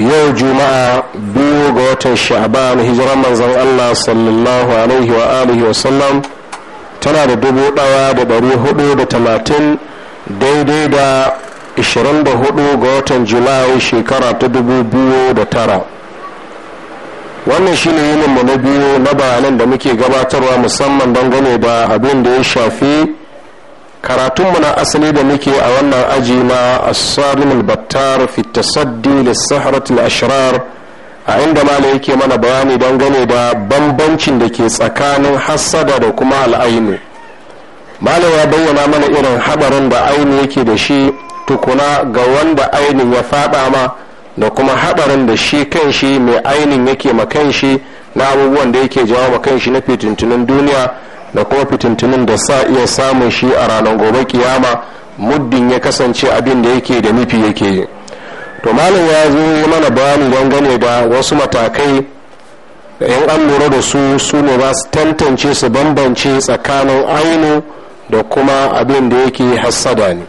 yau juma'a biyu ga watan sha'ban hijira manzon allah sallallahu alaihi wa alihi wa sallam tana da dubu ɗawa da dari hudu da talatin daidai da ishirin da hudu ga watan julai shekara ta dubu biyu da tara wannan shine yininmu na biyu na bayanan da muke gabatarwa musamman dangane da abin da ya shafi karatunmu na asali da muke a wannan aji ma as-salim al-battar fi tasaddi lis-sahrat a inda mala yake mana bayani gane da bambancin da ke tsakanin hassada da kuma al'ainu mala ya bayyana mana irin hadarin da aini yake da shi tukuna ga wanda ainin ya fada ma da kuma hadarin da shi kan shi mai ainin yake ma kan shi na abubuwan da yake jawo ma kan shi na fitintunan duniya da kuma fitintunin da sa iya samun shi a ranar gobe kiyama muddin ya kasance abin da yake da nufi yake yi to malam ya zo mana bayani dangane da wasu matakai da yan an lura da su su ne ba su tantance su bambance tsakanin ainu da kuma abin da yake hassada ne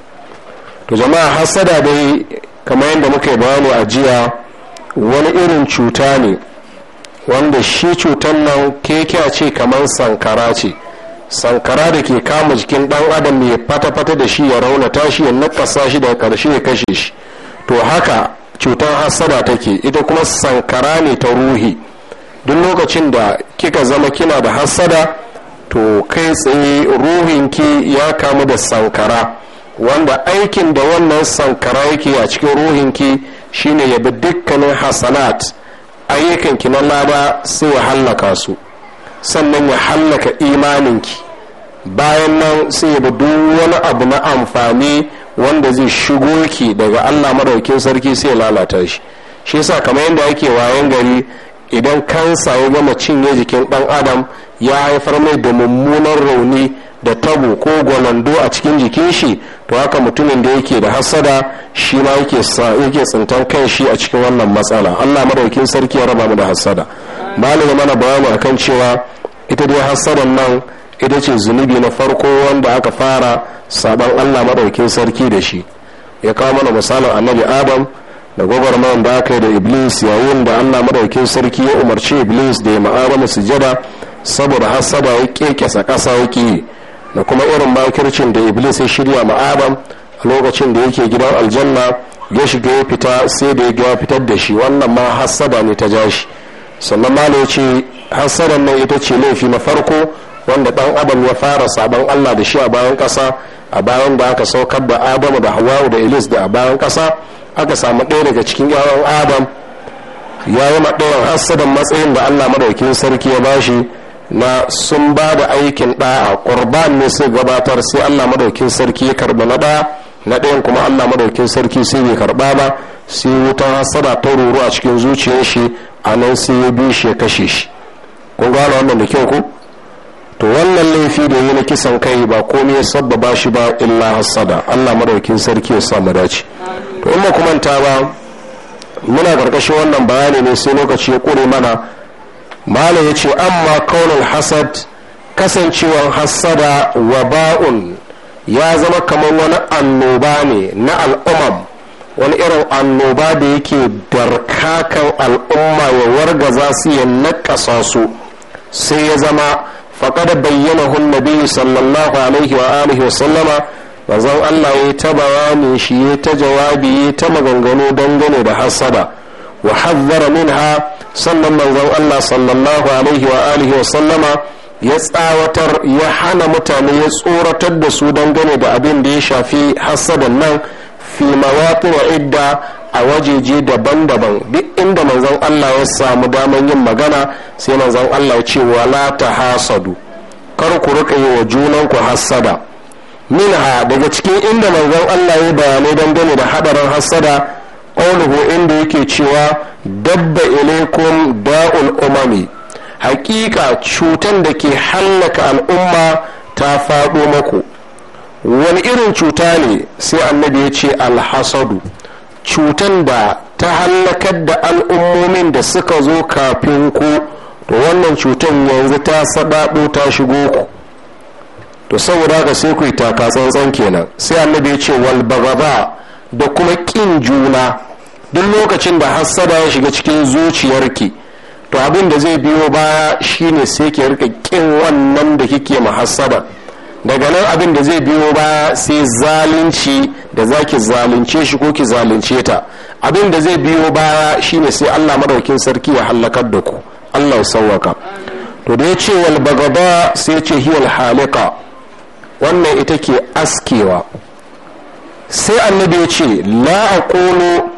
to jama'a hassada dai kamar yadda muka yi bani a jiya wani irin cuta ne wanda shi cutar nan keke ce kamar sankara ce sankara da ke kama jikin dan adam ya fata-fata da shi ya rauna tashi ya nakasa shi daga karshe ya kashe shi to haka cutar hassada take ita kuma sankara ne ta ruhi duk lokacin da kika zama kina da hassada to kai tsaye ruhinki ya kamu da sankara wanda aikin da wannan sankara yake a cikin ruhinki shine ya bi dukkanin hasanat ayyukanki na laba sai ya hallaka su sannan ya hallaka imaninki bayan nan sai ba duk wani abu na amfani wanda zai shigo ki daga allah madaukin sarki sai lalata shi shi yasa kamar yadda ake wayan gari idan kansa ya gama cinye jikin ɗan adam ya haifar mai da mummunan rauni da tabo ko gwalando a cikin jikin shi to haka mutumin da yake da hasada shi ma yake tsintan kan shi a cikin wannan matsala allah madaukin sarki ya raba mu da hasada malamin mana bayani akan cewa ita dai hasadan nan ita ce zunubi na farko wanda aka fara sabon allah maɗaukin sarki da shi ya kawo mana misalin annabi adam da gwagwarmayan da aka yi da iblis yayin da allah maɗaukin sarki ya umarci iblis da ya ma'amala sujada saboda hasada ya kekesa ƙasa yake da kuma irin makircin da iblis ya shirya adam a lokacin da yake gidan aljanna ya shiga ya fita sai da ya gaya fitar da shi wannan ma hasada ne ta jashi sannan malo ce hasadan nan ita ce laifi na farko wanda dan adam ya fara sabon Allah da shi a bayan kasa a bayan da aka saukar da Adamu da Hawwa da Iblis da a bayan kasa aka samu ɗaya daga cikin yawon Adam ya yi maɗayan hassadan matsayin da Allah madaukin sarki ya bashi na sun ba da aikin a ƙurban ne sai gabatar sai Allah madaukin sarki ya karɓi na ɗaya na ɗayan kuma Allah madaukin sarki sai bai karɓa ba sai wutan hassada ta ruru a cikin zuciyar shi a nan sai ya bi shi ya kashe shi kun gane wannan da kyau ko to wannan laifi da yi na kisan kai ba komai ya sabbaba shi ba illa hasada allah madaukin sarki ya sa mu dace to in kuma ta ba muna karkashin wannan bayani ne sai lokaci ya kure mana mala ya ce amma kaunin hasad kasancewar hasada wa ba'un ya zama kamar wani annoba ne na al'umam wani irin annoba da yake darkakan al'umma ya wargaza su ya nakasa su sai ya zama maƙada bayyana hun nabi sallallahu alaihi wa wa manzon Allah ya ta bayani shi ya ta jawabi ya ta maganganu dangane da hasada wa hazzara minha sannan manzon Allah sallallahu alaihi wa alihi wa sallama ya tsawatar ya hana mutane ya tsoratar da su dangane da abin da ya shafi hasadan nan fi mawaƙi wa idda a wajeje daban-daban duk inda manzon Allah ya samu daman yin magana sai manzon Allah ya ce wala ta hasadu kar ku rika yi wa junan ku hassada minha daga cikin inda manzon Allah ya bayanai dangane da hadarin hassada qawluhu inda yake cewa dabba ilaikum da'ul umami hakika cutan da ke hallaka al'umma ta faɗo maku wani irin cuta ne sai annabi ya ce alhasadu cutan da ta hallakar da al'ummomin da suka zo kafin ku to wannan cutan yanzu ta sabaɓo ta shigo ku to saboda ka sai ku yi taka tsantsan kenan sai annabi ya ce wal bagaba da kuma ƙin juna duk lokacin da hassada ya shiga cikin zuciyarki to abin da zai biyo baya shine sai ki rika ƙin wannan da kike ma hassada daga nan abin da zai biyo ba sai zalunci da za ki zalunce shi ko ki zalunce ta abin da zai biyo ba shine sai allah madaukin sarki ya hallakar da ku allah ya sauwaka to da ya ce wal bagaba sai ce hiyal halika wannan ita ke askewa sai annabi ya ce la ta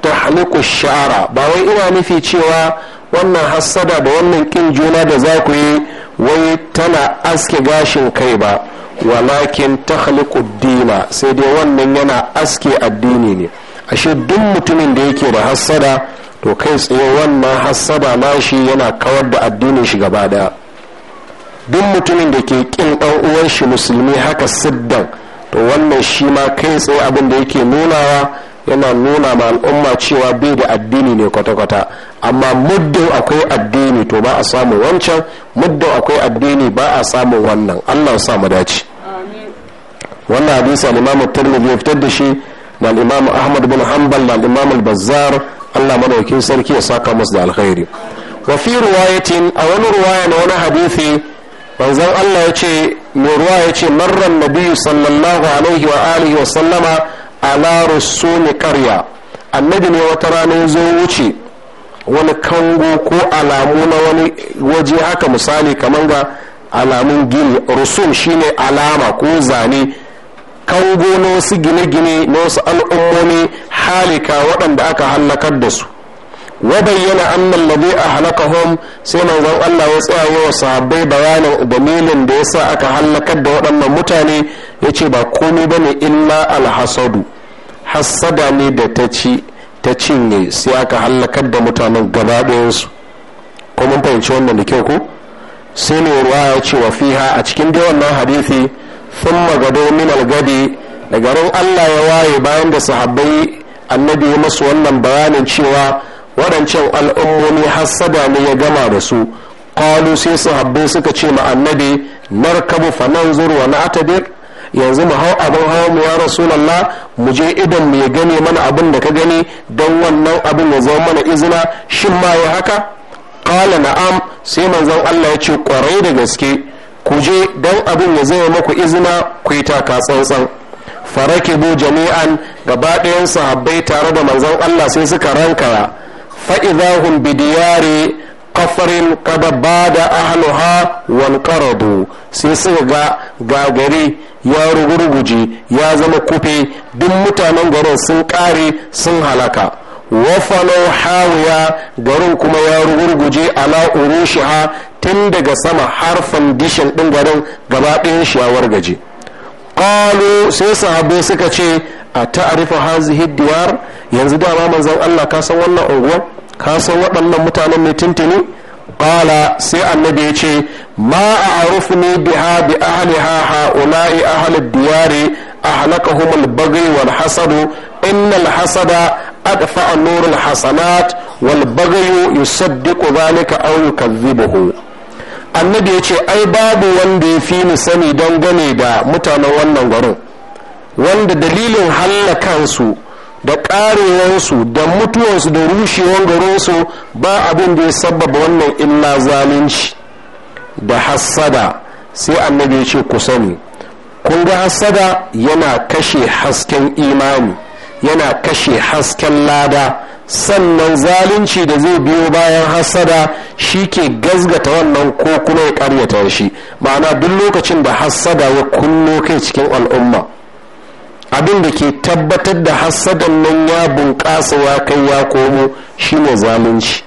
tahliku shara ba wai ina nufi cewa wannan hassada da wannan kin juna da za ku yi wai tana aske gashin kai ba walakin takhliqu dina sai dai wannan yana aske addini ne ashe duk mutumin da yake da hassada to kai tsaye wannan hassada nashi yana kawar da addinin shi gaba daya duk mutumin da ke kin dan uwan shi musulmi haka siddan to wannan shi ma kai tsaye abin da yake nunawa yana nuna ma al'umma cewa bai da addini ne kwata-kwata amma muddin akwai addini to ba a samu wancan muddin akwai addini ba a samu wannan allah sa mu dace wannan hadisi al-imam tirmidhi ya fitar da shi da al-imam ahmad bin hanbal da al-imam al-bazzar allah madaukin sarki ya saka musu da alkhairi wa fi riwayatin a wani riwaya na wani hadisi manzon allah ya ce mai ruwa ya ce marar nabiyyu sallallahu alaihi wa alihi wa sallama ala rusumi qarya annabi ne wata rana ya zo wuce wani kango ko alamu na wani waje haka misali kamar ga alamun gini rusum shine alama ko zane kango na wasu gine-gine na wasu al'ummomi halika waɗanda aka hallakar da su wa bayyana a ladhi hom sai manzon Allah ya tsaya wa sahabbai bayanin dalilin da yasa aka halakar da waɗannan mutane yace ba komai bane illa alhasadu hasada ne da ta ci ta cinye sai aka hallakar da mutanen gaba ɗayansu ko mun fahimci wannan da kyau ko sai ne ruwa ya ce wa fiha a cikin dai wannan hadisi sun magado min algadi da garin allah ya waye bayan da sahabbai annabi ya masu wannan bayanin cewa waɗancan al'ummomi hassada ne ya gama da su kwalu sai sahabbai suka ce ma annabi narkabu fa zurwa na atabir yanzu mu hau abin hawa mu ya rasulallah mu je idan mu ya gane mana abin da ka gani don wannan abin ya zama mana izina shin ma ya haka kala na'am sai manzon Allah ya ce kwarai da gaske ku je don abin ya zama maku izina ku yi taka tsantsan bu jami'an gaba ɗayan sahabbai tare da manzon Allah sai suka rankara fa'idahum bidiyari kafarin kada ba da ahluha wal sai suka ga gagari ya rugurguje ya zama kufe duk mutanen garin sun kare sun halaka wafano hawiya garin kuma ya rugurguje ala urushiha tun daga sama har fandishin ɗin garin gaba ɗayan shi ya wargaje qalu sai sahabbai suka ce a ta'arifa hazihi diwar yanzu dama manzon Allah ka san wannan unguwar ka san waɗannan mutanen ne tuntuni bala sai annabi ya ce ma a'rufni biha bi ahliha ha'ula'i ahli diyari ahlakahum al-baghi wal hasad inna al-hasada adfa nur al-hasanat wal baghi yusaddiqu dhalika aw yukadhibuhu annabi ya ce ai babu wanda ya fi ni sani dangane da mutanen wannan garin wanda dalilin hallakansu da ƙarewarsu da mutuwarsu da rushewar garinsu ba abin da ya sabbaba wannan illa zalunci da hassada sai annabi ya ce ku sani kun ga hassada yana kashe hasken imani yana kashe hasken lada sannan zalunci da zai biyo bayan hassada shi ke gazgata wannan ko kuma ya karyata shi ma'ana duk lokacin da hassada ya kunno kai cikin al'umma abin da ke tabbatar da hassadan nan ya bunƙasa ya kai ya komo shine zalunci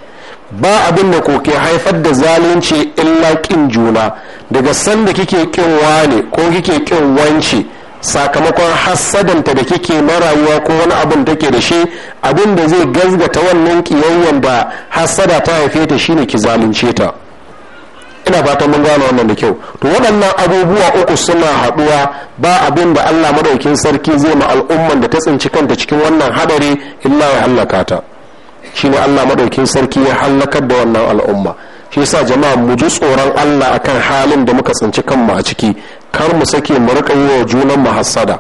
ba abin da ko ke haifar da zalunci illa ƙin juna daga sanda kike ƙin wane ko kike ƙin wance sakamakon hassadanta da kike na rayuwa ko wani abin da ke da shi abin da zai gazgata wannan ƙiyayyen da hassada ta haife ta shine ki zalunce ta ina fatan mun gane wannan da kyau to waɗannan abubuwa uku suna haɗuwa ba abin da Allah madaukin sarki zai ma al'umman da ta tsinci kanta cikin wannan hadari illa ya hallaka ta shine Allah madaukin sarki ya hallakar da wannan al'umma shi yasa jama'a mu ji tsoron Allah akan halin da muka tsinci kanmu a ciki kar mu sake mu rika yi wa junan mu hasada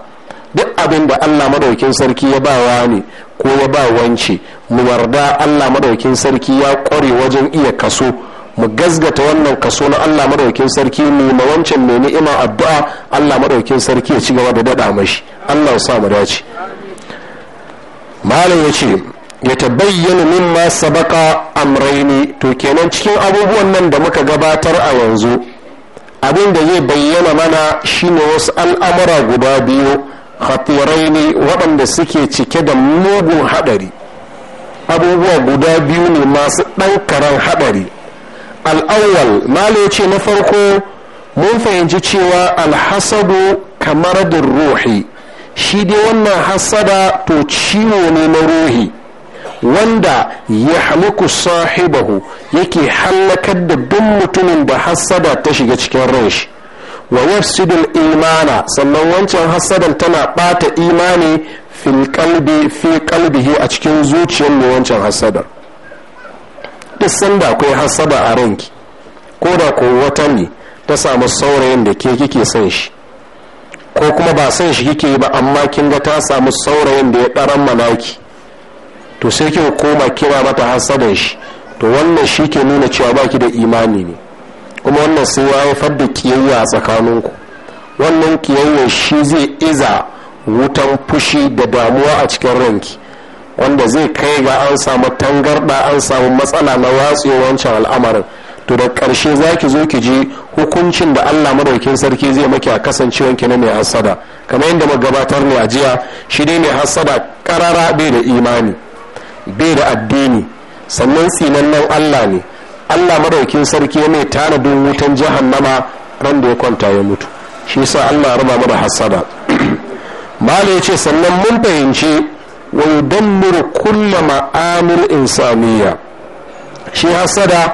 duk abin da Allah madaukin sarki ya ba wa ne ko ya ba wance mu warda Allah madaukin sarki ya kware wajen iya kaso mu gazgata wannan kaso na Allah madaukin sarki mu ma wancan mai ni'ima addu'a Allah madaukin sarki ya ci gaba da dada mashi Allah ya sa mu dace malam yace ya tabayyana mimma sabaka amraini to kenan cikin abubuwan nan da muka gabatar a yanzu abin da zai bayyana mana shine wasu al'amura guda biyu khatiraini waɗanda suke cike da mugun haɗari abubuwa guda biyu ne masu karen haɗari al'awwal malo ce na farko mun fahimci cewa alhasabu kamar da ruhi shi dai wannan hasada to ciwo ne na ruhi wanda ya haliku sahibahu yake hallakar da duk mutumin da hasada ta shiga cikin ranshi wa yafsidul imana sannan wancan hasadan tana bata imani fil kalbi fi kalbihi a cikin zuciyar mai wancan hasadar duk sanda akwai hasaba a ranki ko da ko wata ne ta samu saurayin da ke kike son shi ko kuma ba son shi kike yi ba amma kin ga ta samu saurayin da ya ɗaran manaki to sai kin koma kira mata hasadan shi to wannan shi ke nuna cewa baki da imani ne kuma wannan sai ya haifar da kiyayya a tsakaninku wannan kiyayya shi zai iza wutan fushi da damuwa a cikin ranki wanda zai kai ga an samu tangarɗa an samu matsala na watsi wancan al'amarin to da ƙarshe za ki zo ki ji hukuncin da allah madaukin sarki zai maki a kasancewan ki na mai hassada kamar yadda gabatar ne a jiya shi ne mai hassada karara bai da imani bai da addini sannan nan allah ne allah madaukin sarki ya mai tanadin wutan jahannama ran da ya kwanta ya mutu shi sa allah raba mu da hassada ya ce sannan mun fahimci wa yudammiru kulla ma'amir insaniya shi hasada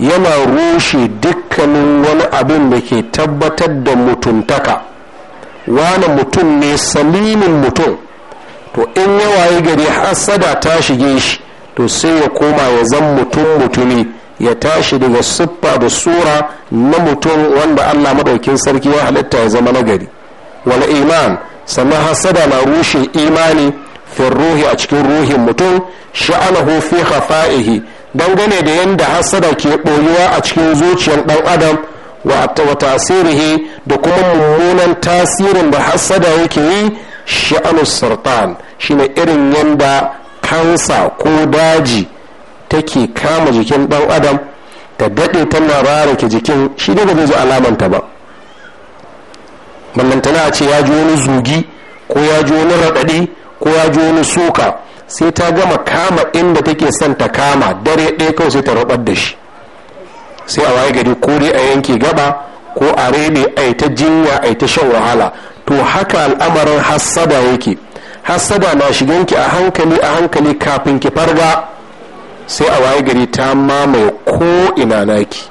yana rushe dukkanin wani abin da ke tabbatar da mutuntaka wani mutum ne salimin mutum to in yawaye gari hasada ta shige shi to sai ya koma ya zan mutum mutumi ya tashi daga siffa da sura na mutum wanda allah maɗaukin sarki ya halitta ya zama nagari wal iman sannan hasada na rushe imani fi ruhi a cikin ruhin mutum sha'anahu fi khafa'ihi dangane da yadda hasada ke ɓoyuwa a cikin zuciyar ɗan adam wa tasirihi da kuma mummunan tasirin da hasada yake yi sha'anu sartan shine irin yadda kansa ko daji take kama jikin ɗan adam ta daɗe tana rarake jikin shi ne ba zai zo alamanta ba ballantana a ce ya ji wani zugi ko ya ji wani raɗaɗi ko ya ji wani suka sai ta gama kama inda take son ta kama dare ɗaya kawai sai ta rabar da shi sai a waye gari ko dai a yanke gaba ko a rene a ta jinya a ta shan wahala to haka al'amarin hassada yake hassada na shiganki a hankali a hankali kafin ki farga sai a waye gari ta mamaye ko ina naki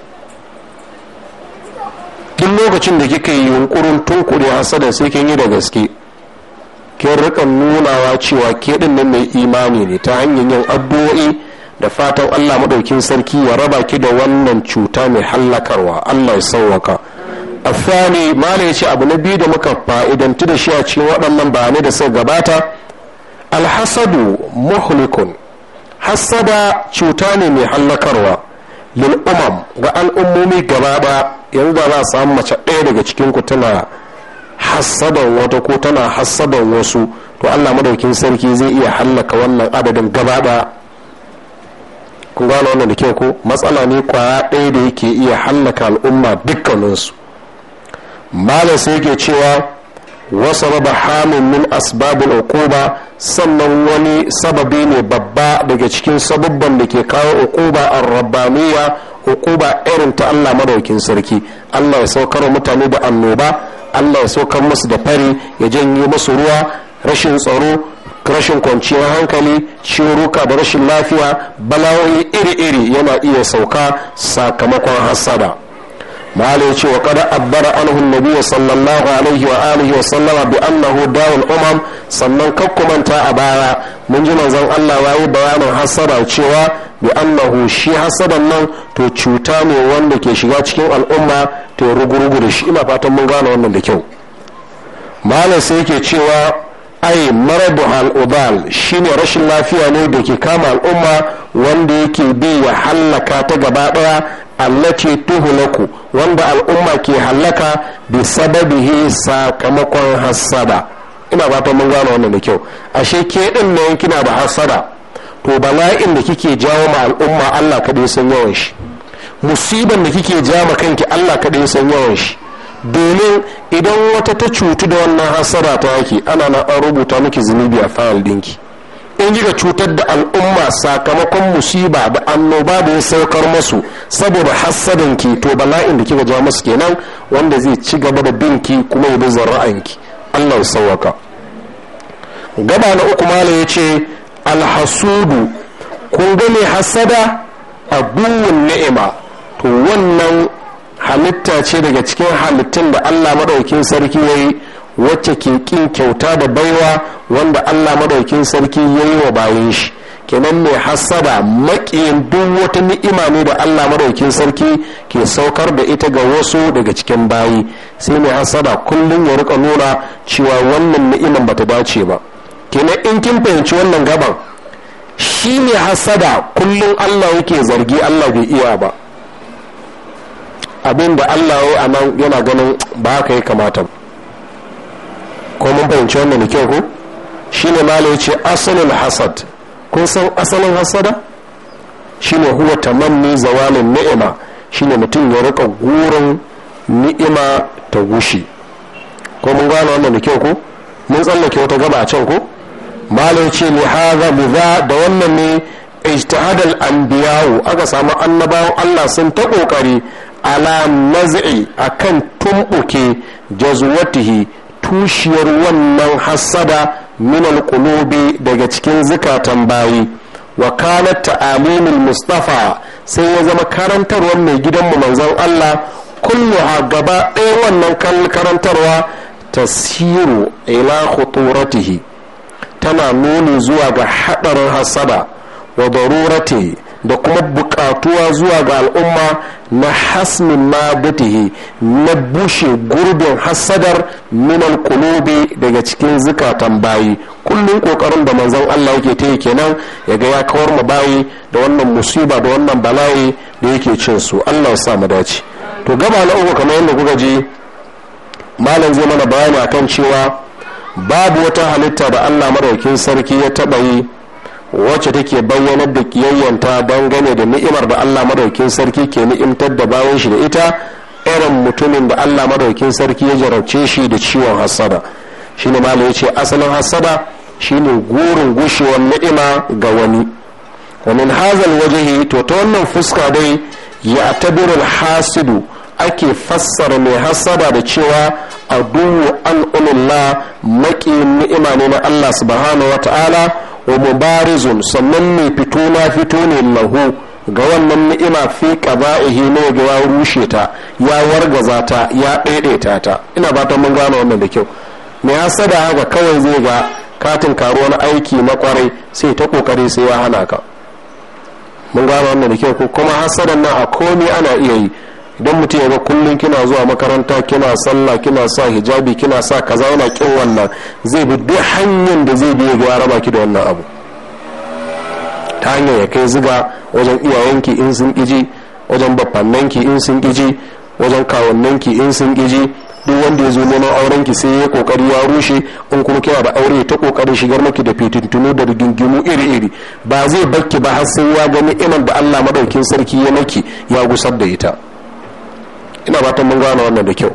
duk lokacin da kika yi yunkurin tunkuri hassada sai kin yi da gaske kin rika nunawa cewa ke din nan mai imani ne ta hanyar yin addu'o'i da fatan Allah madaukin sarki ya raba ki da wannan cuta mai hallakarwa Allah ya sauwaka afani mala ya ce abu na biyu da muka fa'idanci da shi a cikin waɗannan bayanai da suka gabata alhasadu muhlikun hasada cuta ne mai hallakarwa lil umam ga al'ummomi gaba ɗaya yanzu za a samu mace ɗaya daga cikin ku tana hassadan wata ko tana hassadan wasu to allah madaukin sarki zai iya hallaka wannan adadin gaba kun gano wannan da kyau ko matsala ne kwaya ɗaya da yake iya hallaka al'umma dukkaninsu malam sai yake cewa wasu raba hamin min asbabin ukuba sannan wani sababi ne babba daga cikin sababban da ke kawo ukuba a rabbaniya ukuba irin ta allah madaukin sarki allah ya saukar mutane da annoba allah ya saukan musu da fari ya janyo musu ruwa rashin tsaro rashin kwanciyar hankali ruka da rashin lafiya bala'o'i iri-iri yana iya sauka sakamakon hassada malai ya ce wa kada abbara nabi wa sallallahu alaihi wa alihi wa sallama bi annahu dawul umam sannan kakkumanta a baya mun ji manzon Allah ya yi bayanin hassada cewa bi annahu shi hasadan nan to cuta ne wanda ke shiga cikin al'umma ta rugurugu da shi ina fatan mun gane wannan da kyau malam sai yake cewa ai maradu al'ubal shine rashin lafiya ne da ke kama al'umma wanda yake bi ya hallaka ta gaba daya allati tuhlaku wanda al'umma ke hallaka bi sababihi sakamakon hasada ina fatan mun gane wannan da kyau ashe ke din ne kina da hasada. to bala'in da kike jawo ma al'umma Allah kaɗai san yawan shi musiban da kike ja ma kanki Allah kaɗai san yawan shi domin idan wata ta cutu da wannan hasara ta yake ana na an rubuta miki zunubi a fayal dinki in kika cutar da al'umma sakamakon musiba da annoba da ya saukar masu saboda hassadan ki to bala'in da kika ja masu kenan wanda zai ci gaba da binki kuma ya bi zarra'anki Allah ya sauwaka gaba na uku malam ya ce alhasudu kun ga mai hasada abuwun ni'ima to wannan halitta ce daga cikin halittun da allah maɗaukin sarki ya yi wacce ke ƙin kyauta da baiwa wanda allah maɗaukin sarki ya yi wa bayan shi kenan mai hasada maƙiyin duk wata ni'ima ne da allah maɗaukin sarki ke saukar da ita ga wasu daga cikin bayi sai mai hasada kullum ya rika nuna cewa wannan ni'iman bata dace ba kenan in kin fahimci wannan gaban shi ne hasada kullum allah yake zargi allah bai iya ba abin da allah ya a nan yana ganin ba haka ya kamata ko mun fahimci wannan da kyau ko shi ne ma ce asalin hasad kun san asalin hasada shi ne huwa tamanni zawalin ni'ima shi ne mutum ya rika gurin ni'ima ta gushi ko mun gane wannan da kyau ko mun tsallake wata gaba a can ko malam ce ne haza za da wannan ne ijtihadal anbiya'u aka samu annabawan Allah sun ta kokari ala naz'i akan tumbuke jazwatihi tushiyar wannan hassada min alqulubi daga cikin zukatan bayi wa kanat ta'amimul mustafa sai ya zama karantarwar mai gidanmu manzon Allah kullu kulluha gaba ɗaya wannan karantarwa tasiru ila khuturatihi tana nuni zuwa ga haɗarin hasada wa darurati da kuma buƙatuwa zuwa ga al'umma na hasmin madatihi na bushe gurbin hasadar minal kulube daga cikin zukatan bayi kullum ƙoƙarin da manzon Allah yake ta kenan ya ga ya kawar ma bayi da wannan musiba da wannan bala'i da yake cin su Allah ya sa mu dace to gaba na uku kamar yadda kuka ji malam zai mana bayani akan cewa babu wata halitta da allah maraukin sarki ya taɓa yi wacce take bayyanar da kiyayyanta dangane da ni'imar da allah maraukin sarki ke ni'imtar da bayan shi da ita irin mutumin da allah maraukin sarki ya jarabce shi da ciwon hassada shine malam ya ce asalin hassada shine gurin gushewar ni'ima ga wani wa min hazal wajihi to ta wannan fuska dai ya tabirul hasidu ake fassara mai hasada da cewa aduhu an umullah maki ni'ima ne na Allah subhanahu wa ta'ala wa mubarizun sannan mai fito na fito ne lahu ga wannan ni'ima fi yi ne ga ya rushe ta ya wargaza ta ya daidaita ta ina fatan mun gano wannan da kyau mai hasada haka kawai zai ga katin karuwan aiki na kwarai sai ta kokari sai ya hana ka mun gano wannan da kyau kuma hasadan nan a komai ana iya yi don mutum ya ga kullum kina zuwa makaranta kina sallah kina sa hijabi kina sa kaza yana kin wannan zai bi duk hanyar da zai bi ya raba ki da wannan abu ta hanyar ya kai ziga wajen iyayenki in sun kiji wajen bafannanki in sun kiji wajen kawannanki in sun kiji duk wanda ya zo neman aurenki sai ya kokari ya rushe in kuma kina da aure ta kokarin shigar maki da fitintunu da rigingimu iri-iri ba zai bakki ba har sai ya gani iman da Allah madaukin sarki ya maki ya gusar da ita ina fatan mun gane wannan da kyau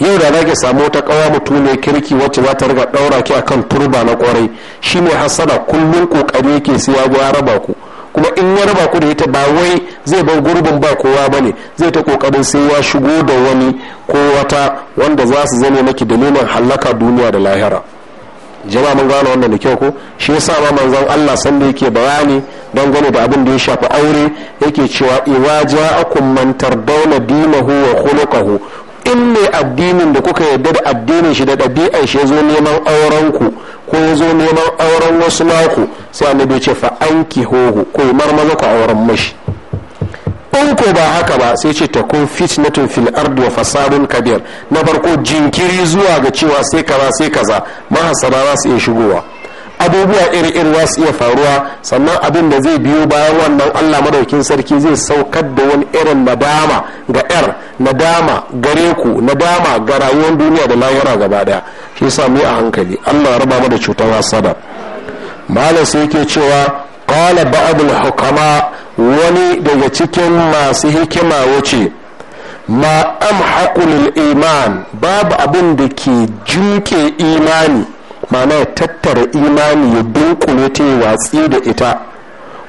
yau da zaki samu wata kawa mutum mai kirki wacce za ta riga daura ki akan turba na kwarai shi ne hasada kullum kokari yake sai ya raba ku kuma in ya raba ku da ita ba wai zai bar gurbin ba kowa bane zai ta kokarin sai ya shigo da wani ko wata wanda za su zama maki dalilin hallaka duniya da lahira jama mun gane wannan da kyau ko shi yasa ma manzon Allah sanda yake bayani dangane da abin da ya shafi aure yake cewa iwa ja'akum man tardawna dinahu wa khuluquhu in ne addinin da kuka yarda da addinin shi da ɗabi'ar shi zo neman auren ku ko ya zo neman auren wasu naku sai annabi ce fa anki hohu ko marmaza ku auren mashi in ba haka ba sai ce ta kun fitnatun fil ard wa fasadun kabir na farko jinkiri zuwa ga cewa sai kaza sai kaza mahasara za su iya shigowa abubuwa iri-iri za su iya faruwa sannan abin da zai biyo bayan wannan allah madaukin sarki zai saukar da wani irin nadama ga yar nadama gare ku nadama ga rayuwar duniya da lahira gaba daya shi sa mu a hankali allah raba mu da cutar hasada malam sai yake cewa qala ba'd al-hukama wani daga cikin masu hikima wuce ma haƙulil iman babu abin da ke juke imani mana ya tattara imani ya dunkule ta yi watsi da ita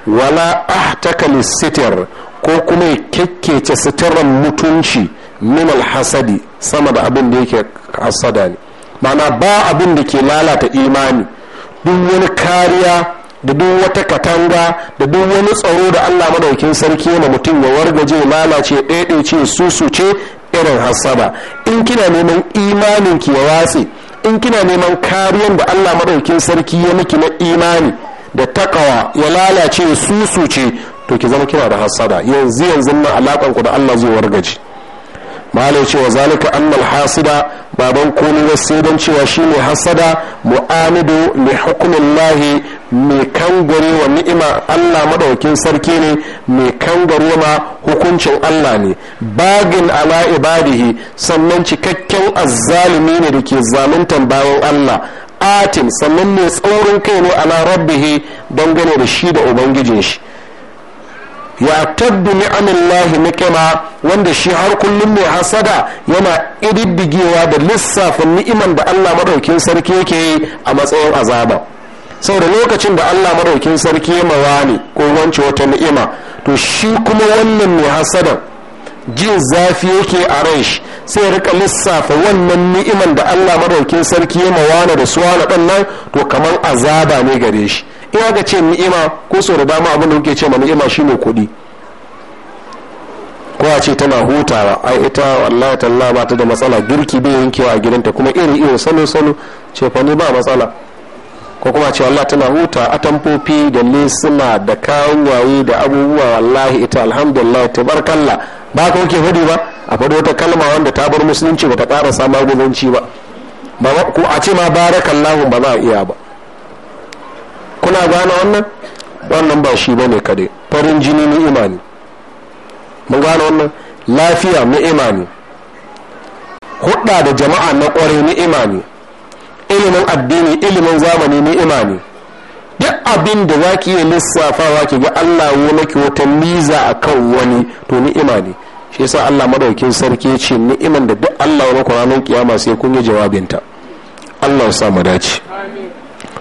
wala ahtakal sitir ko kuma ya kekkece sitaran mutunci min al-hasadi sama da abin da yake hasada ne mana ba abin da ke lalata imani duk wani kariya da duk wata katanga da duk wani tsaro da allah maɗaukin sarki na mutum ya wargaje lalace ɗaiɗaice susuce irin hassada in kina neman imanin ki ya watse in kina neman kariyan da allah maɗaukin sarki ya miki na imani da takawa ya lalace ce to ki zama kina da hassada yanzu yanzu nan alaƙanku da allah zai wargaje malai wa zalika annal hasida baban komai wasu sai don cewa shi ne hasada mu'amidu li hukumin lahi mai kangare wa ni'ima allah madaukin sarki ne mai kangare ma hukuncin allah ne bagin ala ibadihi sannan cikakken azzalumi ne da ke zamuntan bayan allah atin sannan mai tsaurin kai ne ala rabbihi dangane da shi da ubangijin shi ya tabbi lahi nikima wanda shi har kullum mai hasada yana ididdigewa da lissafin ni'iman da Allah madaukin sarki yake yi a matsayin azaba da lokacin da Allah madaukin sarki ya mawani ko wance wata ni'ima to shi kuma wannan mai hasadan jin zafi yake a ran shi sai rika lissafa wannan ni'iman da Allah maɗaukin sarki ya mawana da suwa na to kamar azaba ne gare shi in aka ce ni'ima ko sau da dama abin da kuke ce ma ni'ima ne kuɗi ko a ce tana hutawa ai ita wallahi talla ba ta da matsala girki bai yankewa a gidanta kuma irin iri salo salo ce fa ni ba matsala ko kuma ce wallahi tana huta atamfofi da lisina da kayan yayi da abubuwa wallahi ita alhamdulillah tabarakallah ba ka kuke fadi ba a faɗi wata kalma wanda ta bar musulunci ba ta karasa sama ba ba ko a ce ma barakallahu ba za a iya ba kuna gane wannan wannan ba shi bane kade farin jini ni imani mun gane wannan lafiya na imani hudda da jama'a na kware ni imani ilimin addini ilimin zamani ni imani duk abin da za ki iya lissafawa ki ga allah wo maki wata miza a kan wani to ni imani shi yasa allah madaukin sarki ya ce ni'iman da duk allah wa maka ranar kiyama sai kun yi jawabinta allah ya sa mu dace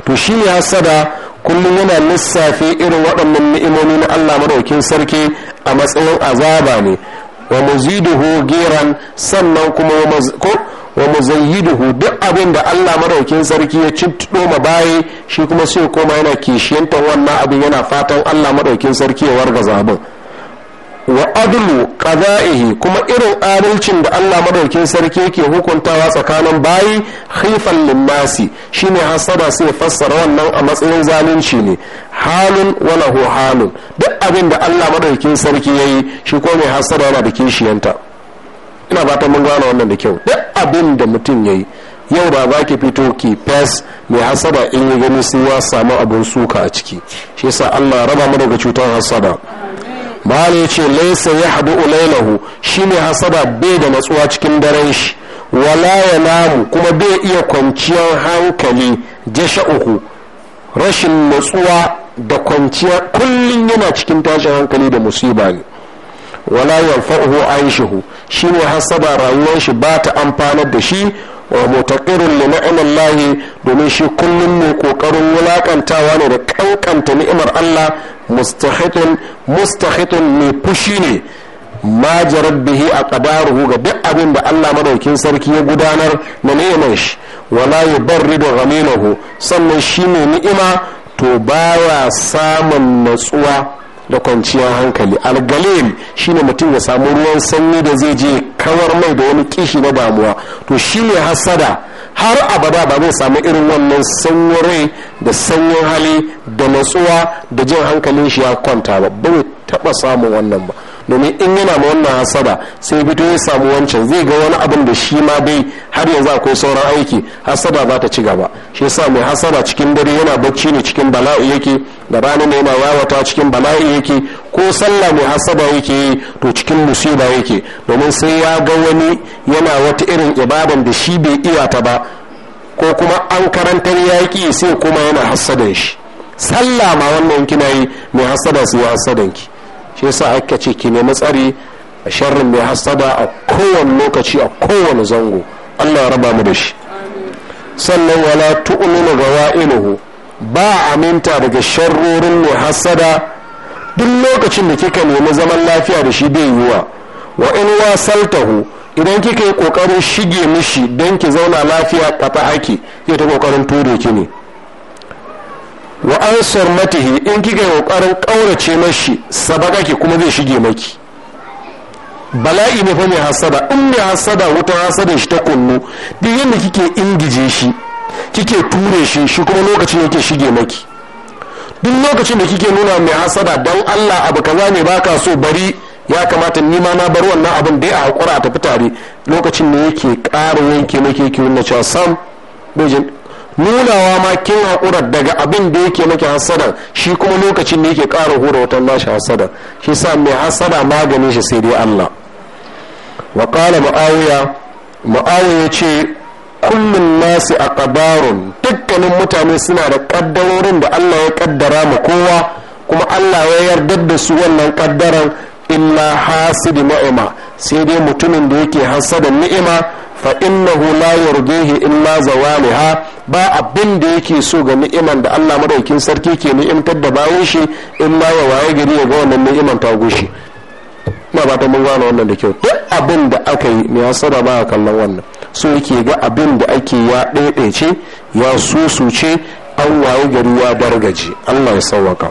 to shi ya sada kullum yana lissafi irin waɗannan ni'imomi na Allah madaukin sarki a matsayin azaba ne wa muziduhu giran sannan kuma wa muzayyiduhu duk abin da Allah maɗaukin sarki ya cintudo ma baye shi kuma sai koma yana kishiyantar wannan abin yana fatan Allah maɗaukin sarki ya warga zabin wa adlu qada'ihi kuma irin adalcin da Allah madaukin sarki yake hukuntawa tsakanin bayi khifan linnasi shine hasada sai fassara wannan a matsayin zalunci ne halun wa lahu halun duk abin da Allah madaukin sarki yayi shi ko mai hasada yana da kishiyanta ina fatan mun gane wannan da kyau duk abin da mutum yayi yau ba za ki fito ki fes mai hasada in yi gani sai ya samu abin suka a ciki shi yasa Allah raba mu daga cutar hasada bala ya ce laisa ya haɗu ulailahu shi ne hasada bai da matsuwa cikin daren shi wala ya namu kuma bai iya kwanciyar hankali jasha uku rashin natsuwa da kwanciya kullum yana cikin tashin hankali da musiba ne wala an shihu shi ne hasada rayuwar shi ba ta amfanar da shi wa mutaqirin li lahi domin shi kullum ne ƙoƙarin wulaƙantawa ne da ƙanƙanta ni'imar Allah mustahitun mustahitun mai fushi ne ma bihi a ƙadaruhu ga duk abin da allah madaukin sarki ya gudanar na neman shi wala ya barri da raminahu sannan shi ne ni'ima to baya samun natsuwa da kwanciyar hankali algalil shine mutum ya samu ruwan sanyi da zai je kawar mai da wani kishi na damuwa to shine hasada har abada ba zai samu irin wannan sanwarai da sanyin hali da natsuwa da jin hankalin shi ya kwanta ba bai taɓa samun wannan ba domin in yana ma wannan hasada sai fito ya samu wancan zai ga wani abin da shi ma dai har yanzu akwai sauran aiki hasada za ta ci gaba shi yasa mai hasada cikin dare yana bacci ne cikin bala'i yake da rana ne yana yawata cikin bala'i yake ko sallah mai hasada yake yi to cikin musiba yake domin sai ya ga wani yana wata irin ibadan da shi bai iya ta ba ko kuma an karantar yaƙi sai kuma yana hasadan shi sallah ma wannan kina yi mai hasada su yi hasadan ki shi yasa aka ce ki nemi tsari a sharrin mai hasada a kowane lokaci a kowane zango allah raba mu da shi sannan wala tu'minu gawa'iluhu ba aminta daga sharrorin mai hasada duk lokacin da kika nemi zaman lafiya da shi bai yiwa wa in wasaltahu idan kika yi kokarin shige mishi don ki zauna lafiya kafa haki zai ta kokarin ture ki ne wa an sarmatihi in kika ƙoƙarin kaurace mashi sabaka ki kuma zai shige maki bala'i ne fa mai hasada in mai hasada wutar hasada shi ta kunnu duk yadda kike ingije shi kike ture shi shi kuma lokacin yake shige maki duk lokacin da kike nuna mai hasada don allah abu kaza ne baka so bari ya kamata ni ma na bar wannan abin da ya hakura a tafi tare lokacin ne yake ƙara yanke maki yake wannan cewa sam nunawa ma kin haƙura daga abin da yake maki hasada shi kuma lokacin da yake ƙara hura wutan nashi hasada shi sa mai hasada maganin shi sai dai Allah wa qala muawiya muawiya ce kullun nasi aqbarun dukkanin mutane suna da kaddarorin da Allah ya kaddara mu kowa kuma Allah ya yarda da su wannan kaddaran illa hasidi ma'ima sai dai mutumin da yake hasada ni'ima fa innahu la yurdihi illa zawaliha ba abin da yake so ga ni'iman da Allah madaukin sarki ke ni'imtar da bayan shi in ma ya waye gari ya ga wannan ni'iman ta gushi na ba ta mun gane wannan da kyau duk abin da aka yi me hasara ba kallon wannan so yake ga abin da ake ya ɗaiɗaice ya susuce an waye gari ya bargaje Allah ya sauwaka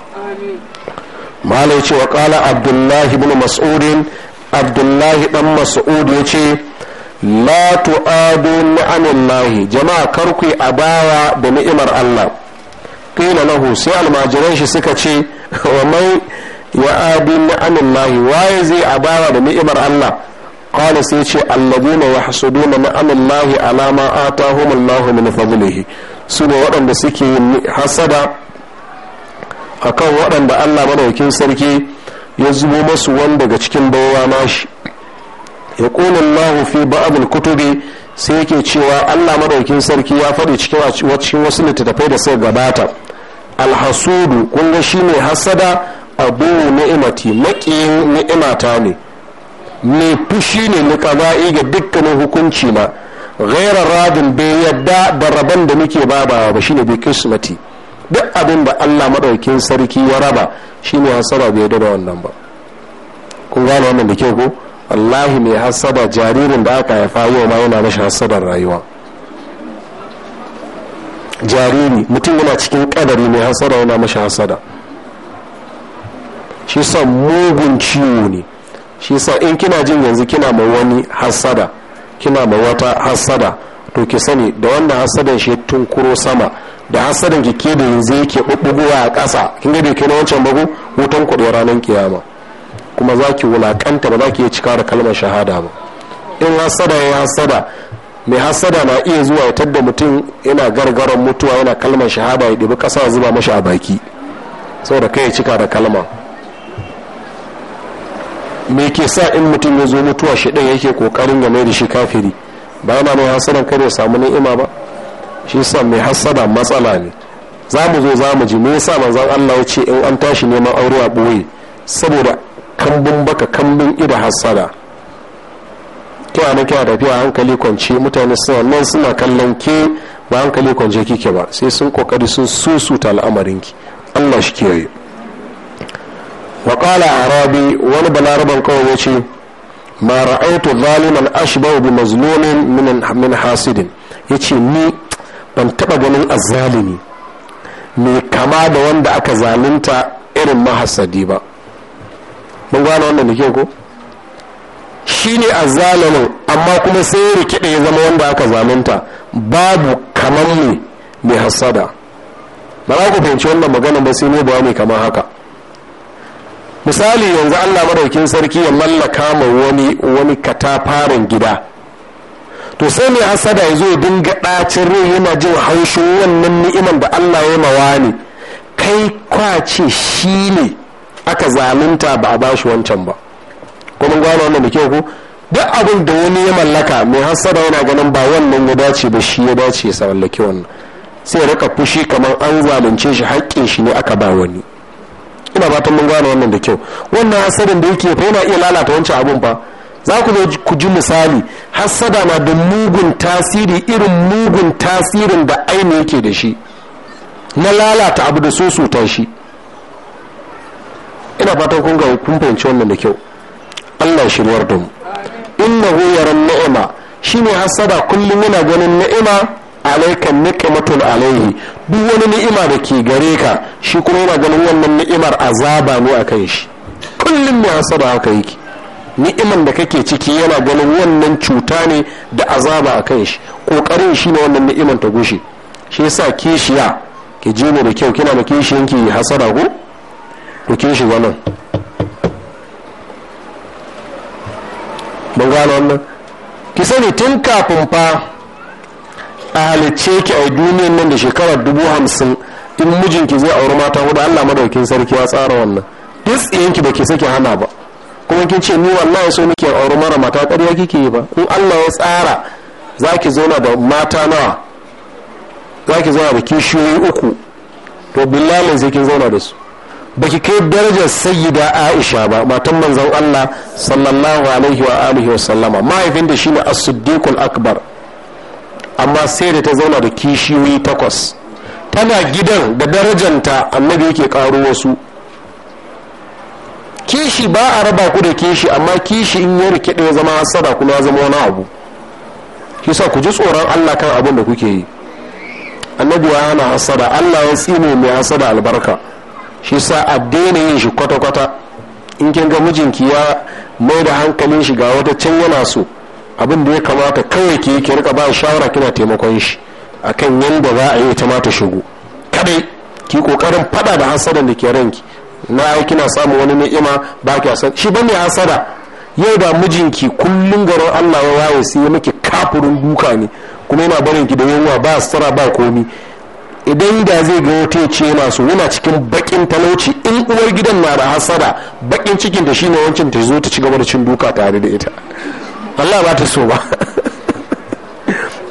malai ce wa kala abdullahi ibn mas'udin abdullahi dan mas'ud ya ce la tu'adu ni'amillahi jama'a kar ku adawa da ni'imar Allah qila lahu sai almajiran shi suka ce wa mai ya'adu lahi waye zai adawa da ni'imar Allah qala sai ce alladuna yahsuduna ni'amallahi ala ma atahumullahu min fadlihi su ne waɗanda suke hasada akan waɗanda Allah madaukin sarki ya zubo masu wani daga cikin bawa nashi ya Allah fi ba'abul kutubi sai yake cewa Allah maɗaukin sarki ya faɗi cikin wasu littattafai da sai gabata alhasudu kunga shi ne hasada abu ni'imati maƙiyin ni'imata ne mai fushi ne na kaza'i ga dukkanin hukunci na gairar radin bai yadda da rabon da muke babawa ba shine bi kismati duk abin da Allah maɗaukin sarki ya raba shine hasada bai yadda da wannan ba kun gane wannan da kyau ko allahi mai hasada jaririn da aka haifa yau ma yana mashi hasadar rayuwa jariri mutum yana cikin kadari mai hasada yana mashi hasada shi sa mugun ciwo ne shi sa in kina jin yanzu kina ma wani hasada kina ma wata hasada to ki sani da wannan hasadan shi tun kuro sama da hasadan ki ke da yanzu yake bubbugowa a ƙasa kin ga bai kai na wancan bago wutan kudi ranar kiyama kuma za ki wulakanta ba za ki iya cika da kalmar shahada ba in hasada ya hasada mai hasada na iya zuwa ya tadda mutum yana gargaran mutuwa yana kalmar shahada ya ɗibi ƙasa zuba mashi a baki saboda kai ya cika da kalma me ke sa in mutum ya zo mutuwa shi ɗaya yake ƙoƙarin game da shi kafiri ba yana mai hasadan kada ya samu ni'ima ba shi sa mai hasada matsala ne za mu zo za mu ji me yasa manzon Allah ya ce in an tashi neman aure a ɓoye saboda kambun baka kambun ida hassada a nake a tafiya hankali kwance mutane suna nan suna kallon ke ba hankali kwance kike ba sai sun kokari sun susuta al'amarinki allah shi yi wa qala arabi wani balaraban kawai ya ce ma ra'aitu zaliman ashbahu bi mazlumin min hasidin ya ce ni ban taba ganin azzalimi mai kama da wanda aka zalunta irin mahasadi ba mun gane wannan da ke ko shi ne a zalimin amma kuma sai ya rikida ya zama wanda aka zalunta babu kamar ne mai hasada ba za ku fahimci wannan magana ba sai ne ba ne kamar haka misali yanzu allah madaukin sarki ya mallaka ma wani wani katafaren gida to sai mai hasada ya zo ya dinga ɗacin rai yana jin haushin wannan ni'iman da allah ya mawa ne kai kwace shi ne aka zalunta ba a bashi wancan ba kuma gwamna wannan da kyau ku duk abin da wani ya mallaka mai hassada yana ganin ba wannan ya dace ba shi ya dace ya mallaki wannan sai rika fushi kamar an zalunce shi haƙƙin shi ne aka ba wani ina fatan mun gano wannan da kyau wannan hasadin da yake fa yana iya lalata wancan abin fa za ku zo ku ji misali hassada na da mugun tasiri irin mugun tasirin da aini yake da shi na lalata abu da so shi ina fatan kun ga kun fahimci wannan da kyau Allah shirwar da mu hu yaran ni'ima shine hasada kullum yana ganin ni'ima alayka niqmatul alayhi duk wani ni'ima da ke gare ka shi kuma yana ganin wannan ni'imar azaba ne akan shi kullum mai hasada haka yake ni'iman da kake ciki yana ganin wannan cuta ne da azaba a kan shi kokarin shi ne wannan ni'iman ta gushe shi yasa kishiya ki ke jimo da kyau kina da kishiyanki hasada ko ku kin nan ban gano wannan ki sani tun kafin fa a halicce ki a duniyan nan da shekarar dubu hamsin in mijinki zai auri mata hudu allah madaukin sarki ya tsara wannan duk yanki ba ke sake hana ba kuma kin ce ni wallahi so nake auri mara mata ƙarya kike ba in allah ya tsara za ki zauna da mata nawa za ki zauna da kishiyoyi uku to billahi sai kin zauna da su ba ki kai darajar sayyida aisha ba matan manzon allah sallallahu alaihi wa alihi wa sallama mahaifin da shine as akbar amma sai da ta zauna da kishiyoyi takwas tana gidan da darajanta annabi yake karo wasu kishi ba a raba ku da kishi amma kishi in yi rike ya zama sada kuma zama wani abu kisa ku ji tsoron allah kan abin da kuke yi annabi ya hana hasada allah ya tsine mai hasada albarka shi sa a daina yin shi kwata-kwata in kin ga mijinki ya mai da hankalin shi ga wata can yana so abin da ya kamata kawai ki ki rika ba shawara kina taimakon shi akan yadda za a yi ta mata shigo kadai ki kokarin fada da hasadan da ke ranki na ai kina samun wani ni'ima ba ki hasada shi bane hasada yau da mijinki kullun garin Allah ya waye sai miki kafurin duka ne kuma yana barin ki da yunwa ba sara ba komi idan da zai ga wata ce masu wuna cikin bakin talauci in uwar gidan na da hasara bakin cikin da shine wancan ta zo ta ci gaba da cin duka tare da ita Allah ba ta so ba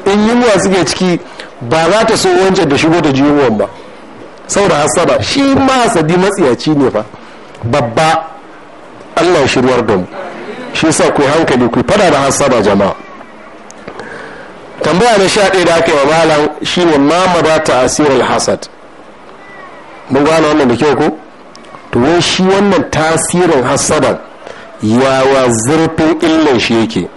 in yi yunwa suke ciki ba za ta so wancan da shigo ta ji ba saboda hasada shi ma sadi matsiyaci ne ba babba Allah shirwar da mu shi sa ku hankali ku fada da hasara jama'a tambaya na sha ɗaya da aka yi wa malam ne ma madata ta asirar hasad mun gane wannan da kyau ko to wai shi wannan tasirin hasadan yawa zurfin illan shi yake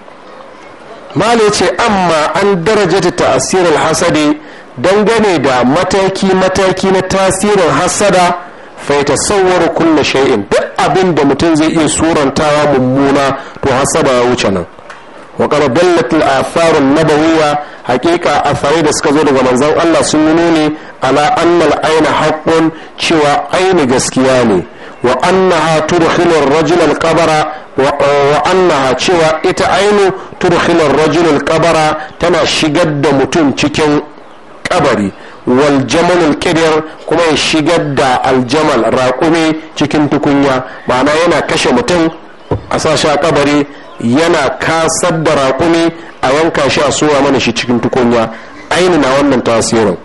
malai ce amma an daraja ta tasirin hasadi dangane da mataki-mataki na tasirin hasada fai ta sauwar kulle shay'in duk abin da mutum zai iya surantawa mummuna to hasada ya wuce nan wa qad dallat al-athar an-nabawiyya da suka zo daga manzon Allah sun nuno ne ala anna ayna haqqun cewa aini gaskiya ne wa annaha tudkhilu ar-rajul al wa annaha cewa ita ainu tudkhilu ar-rajul al tana shigar da mutum cikin kabari waljamal alkibir kuma ya shigar da aljamal raƙumi cikin tukunya ma'ana yana kashe mutum a sashi a kabari yana kasar da raƙumi a yanka shi a soya mana shi cikin tukunya aini na wannan tasirin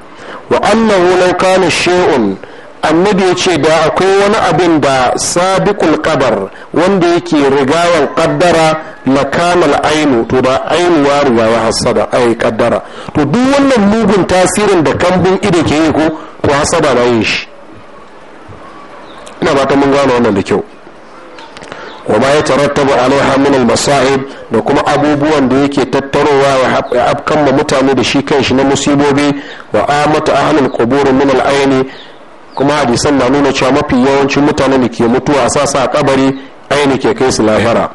wa annahu law kana shay'un annabi yace da akwai wani abin da sabiqul qadar wanda yake rigawan qaddara la kana ainu to da ainu ya riga ya hasada ai qaddara to duk wannan mugun tasirin da kambun ido ke yi ko to hasada na yin shi ina ba ta mun gano wannan da kyau wa ma ya tarattabu alaiha min da kuma abubuwan da yake tattarowa ya afkan ma mutane da shi kanshi na musibobi wa amatu ahlul qubur min al-ayni kuma hadisan na nuna cewa mafi yawancin mutane da ke mutuwa a sa kabari aini ke kai su lahira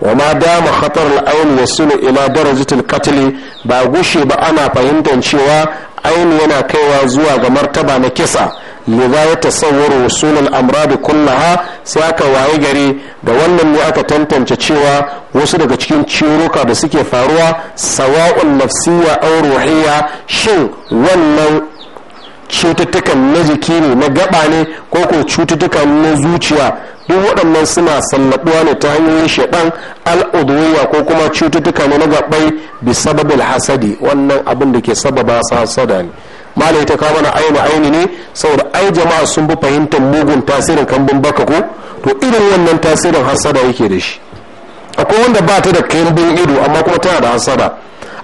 wa ma dama khatar al yasulu ila darajatil qatl ba gushe ba ana fahimtar cewa aini yana kaiwa zuwa ga martaba na kisa liza ya tasawwar wasulul amradu kullaha sai aka waye gari da wannan ne aka tantance cewa wasu daga cikin ciwuruka da suke faruwa sawa'un nafsiya aw ruhiyya shin wannan cututtukan na jiki ne na gaba ne ko ko cututtukan na zuciya duk waɗannan suna sallaɓuwa ne ta hanyoyin shaɗan al'udwiya ko kuma cututtuka na gaɓai bi hasadi wannan abin da ke sababa hasada ne malai ta kawo mana aini aini ne saboda ai jama'a sun bi fahimtar mugun tasirin kambun baka ko to irin wannan tasirin hasada yake da shi akwai wanda ba ta da kambun ido amma kuma tana da hasada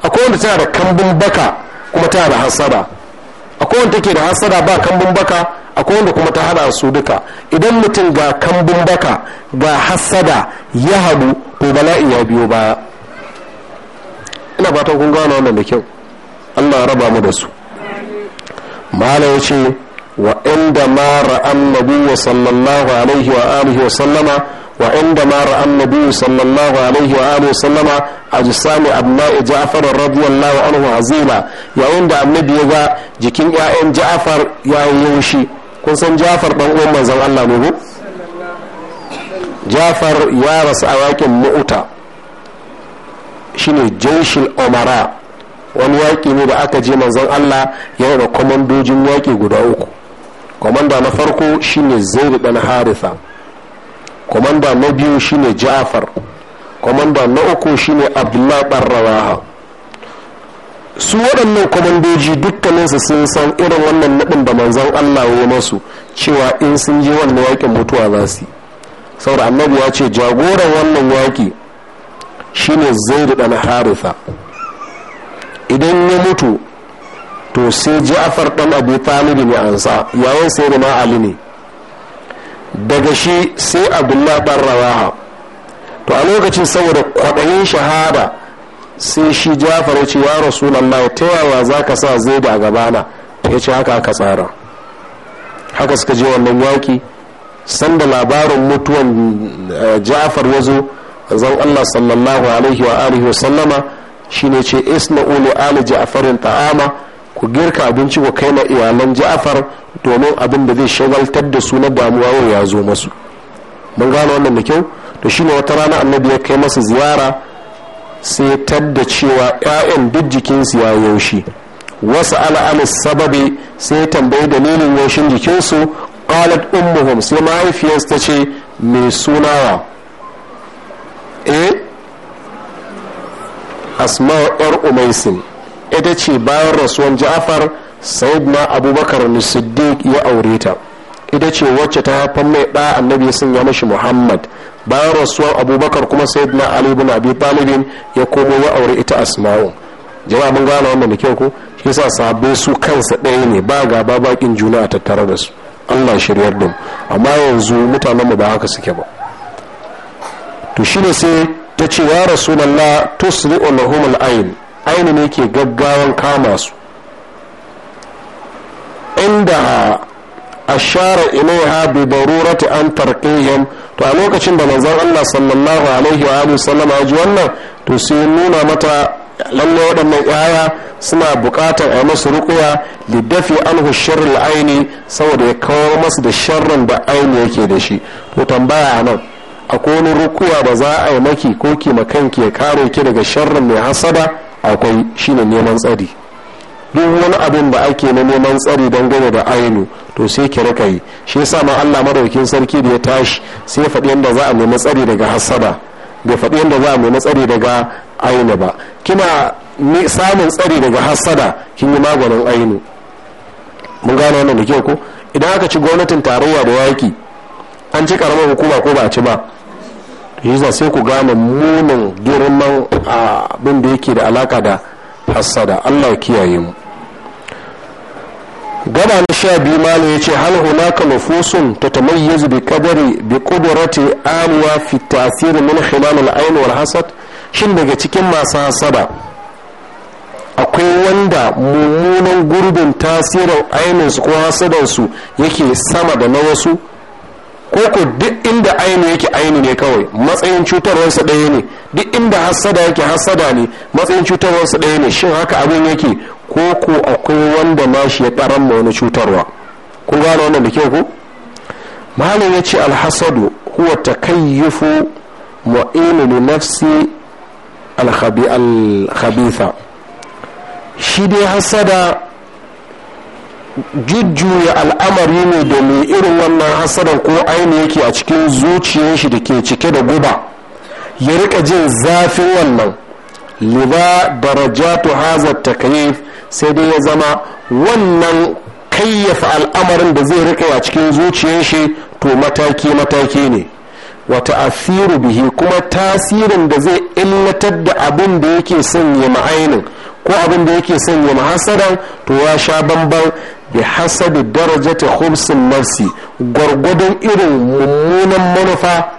akwai wanda tana da kambun baka kuma tana da hasada akwai wanda take da hasada ba kambun baka akwai wanda kuma ta hada su duka idan mutum ga kambun baka ga hasada ya hadu to bala'i ya biyo baya ina fatan kun gane wannan da kyau allah raba mu da su mala ya ce wa inda ma ra'an nabiyyu sallallahu alaihi wa alihi wa sallama wa inda ma ra'an nabiyyu sallallahu alaihi wa alihi wa sallama ajsami abna'i ja'far radiyallahu anhu azima yayin da annabi ya ga jikin ƴaƴan ja'far ya yaushi kun san ja'far dan uwan manzon Allah ne ko ja'far ya rasu a yakin mu'uta shine jaishil umara wani yaƙi ne da aka je manzon Allah yana da kwamandojin yaƙi guda uku kwamanda na farko shine zaid bin haritha kwamanda na biyu shine ja'far kwamanda na uku shine abdullah bin rawaha su waɗannan kwamandoji dukkaninsu sun san irin wannan naɗin da manzon Allah ya masu cewa in sun je wannan yaƙin mutuwa za su saboda annabi ya ce jagoran wannan yaƙi shine zaid bin haritha idan ya mutu to sai ja'far dan abu talib ne ansa yayin sai da ali ne daga shi sai abdullah dan rawaha to a lokacin saboda kwaɗayin shahada sai shi ja'far ya ce ya rasulullah ta yaya za ka sa zai da gabana ya ce haka aka tsara haka suka je wannan yaki sanda labarin mutuwan eh, ja'far ya zo zan allah sallallahu alaihi wa alihi wa sallama shine ce isna ulu ali ja'farin ta'ama ku girka abinci ku kai na iyalan ja'afar domin abin da zai shagaltar da su na damuwa yau ya zo masu mun gano wannan da kyau to shine wata rana annabi ya kai masa ziyara sai tadda cewa 'ya'yan duk jikinsu ya yaushe wasu al'amis sababi sai tambayi dalilin yaushin jikinsu qalat ummuhum sai mahaifiyarsu ta ce mai sunawa eh asma'u yar umaisin ita ce bayan rasuwan ja'afar sayyidina abubakar siddiq ya aure ta ita ce wacce ta haifan mai ɗa annabi sun ya mashi muhammad bayan rasuwan abubakar kuma sayyidina ali na abi talibin ya komo ya aure ita asma'u jama'a mun gane wannan da kyau ko shi yasa sabbin su kansa ɗaya ne ba gaba bakin juna a tattare da su allah shiryar da amma yanzu mutanenmu ba haka suke ba to shi ne sai ta ce ya rasulallah la lahum al-ayn aini ne ke gaggawan kama su inda ashara ilaiha bi darurati an tarqihim to a lokacin da manzon Allah sallallahu alaihi wa alihi ya ji wannan to sai nuna mata lalle waɗannan yaya suna buƙatar a masu ruƙuya lidafi anhu sharrul aini saboda ya kawo masu da sharrin da aini yake da shi to tambaya a nan a wani rukuwa ba za a yi maki ko ki makanki ya kare ki daga sharrin mai hasada akwai shine neman tsari duk wani abin da ake na neman tsari don gane da ainu to sai ki rika yi shi yasa ma Allah madaukin sarki da ya tashi sai ya faɗi yadda za a nemi tsari daga hasada bai faɗi yadda za a nemi tsari daga ainu ba kina samun tsari daga hasada kin yi maganin ainu mun gane wannan da kyau ko idan aka ci gwamnatin tarayya da yaki an ci karamar hukuma ko ba a ci ba yiza sai ku gane munin girman abin da yake da alaka da hassada allah ya kiyaye mu gaba na sha biyu malam ya ce hal hunaka nufusun ta tamayyazu bi kadari bi kudurati amwa fi tasiri min khilal al ayn wal hasad shin daga cikin masu hasada akwai wanda mummunan gurbin tasirin ainin su ko hasadansu yake sama da na wasu ko ko duk inda aini yake aini ne kawai matsayin cutarwarsa ɗaya ne duk inda hassada yake hasada ne matsayin cutarwarsa ɗaya ne shin haka abin yake ko ko akwai wanda ma shi ya ɗaran ma wani cutarwa kun gane wannan da kyau ku malam ya ce alhasadu huwa takayyufu mu'inu li nafsi alkhabitha shi dai hassada jujjuya al'amari ne da mai irin wannan hasarar ko aini yake a cikin zuciyar shi da ke cike da guba ya rika jin zafin wannan liba darajatu hazar takayif sai dai ya zama wannan kayyafa al'amarin da zai rika a cikin zuciyar shi to mataki mataki ne wata asiru bihi kuma tasirin da zai illatar da abin da yake son ya ma'ainin ko abin da yake son ya mahasadan to ya sha bamban bi hasabi darajati khumsin nafsi gwargwadon irin mummunan manufa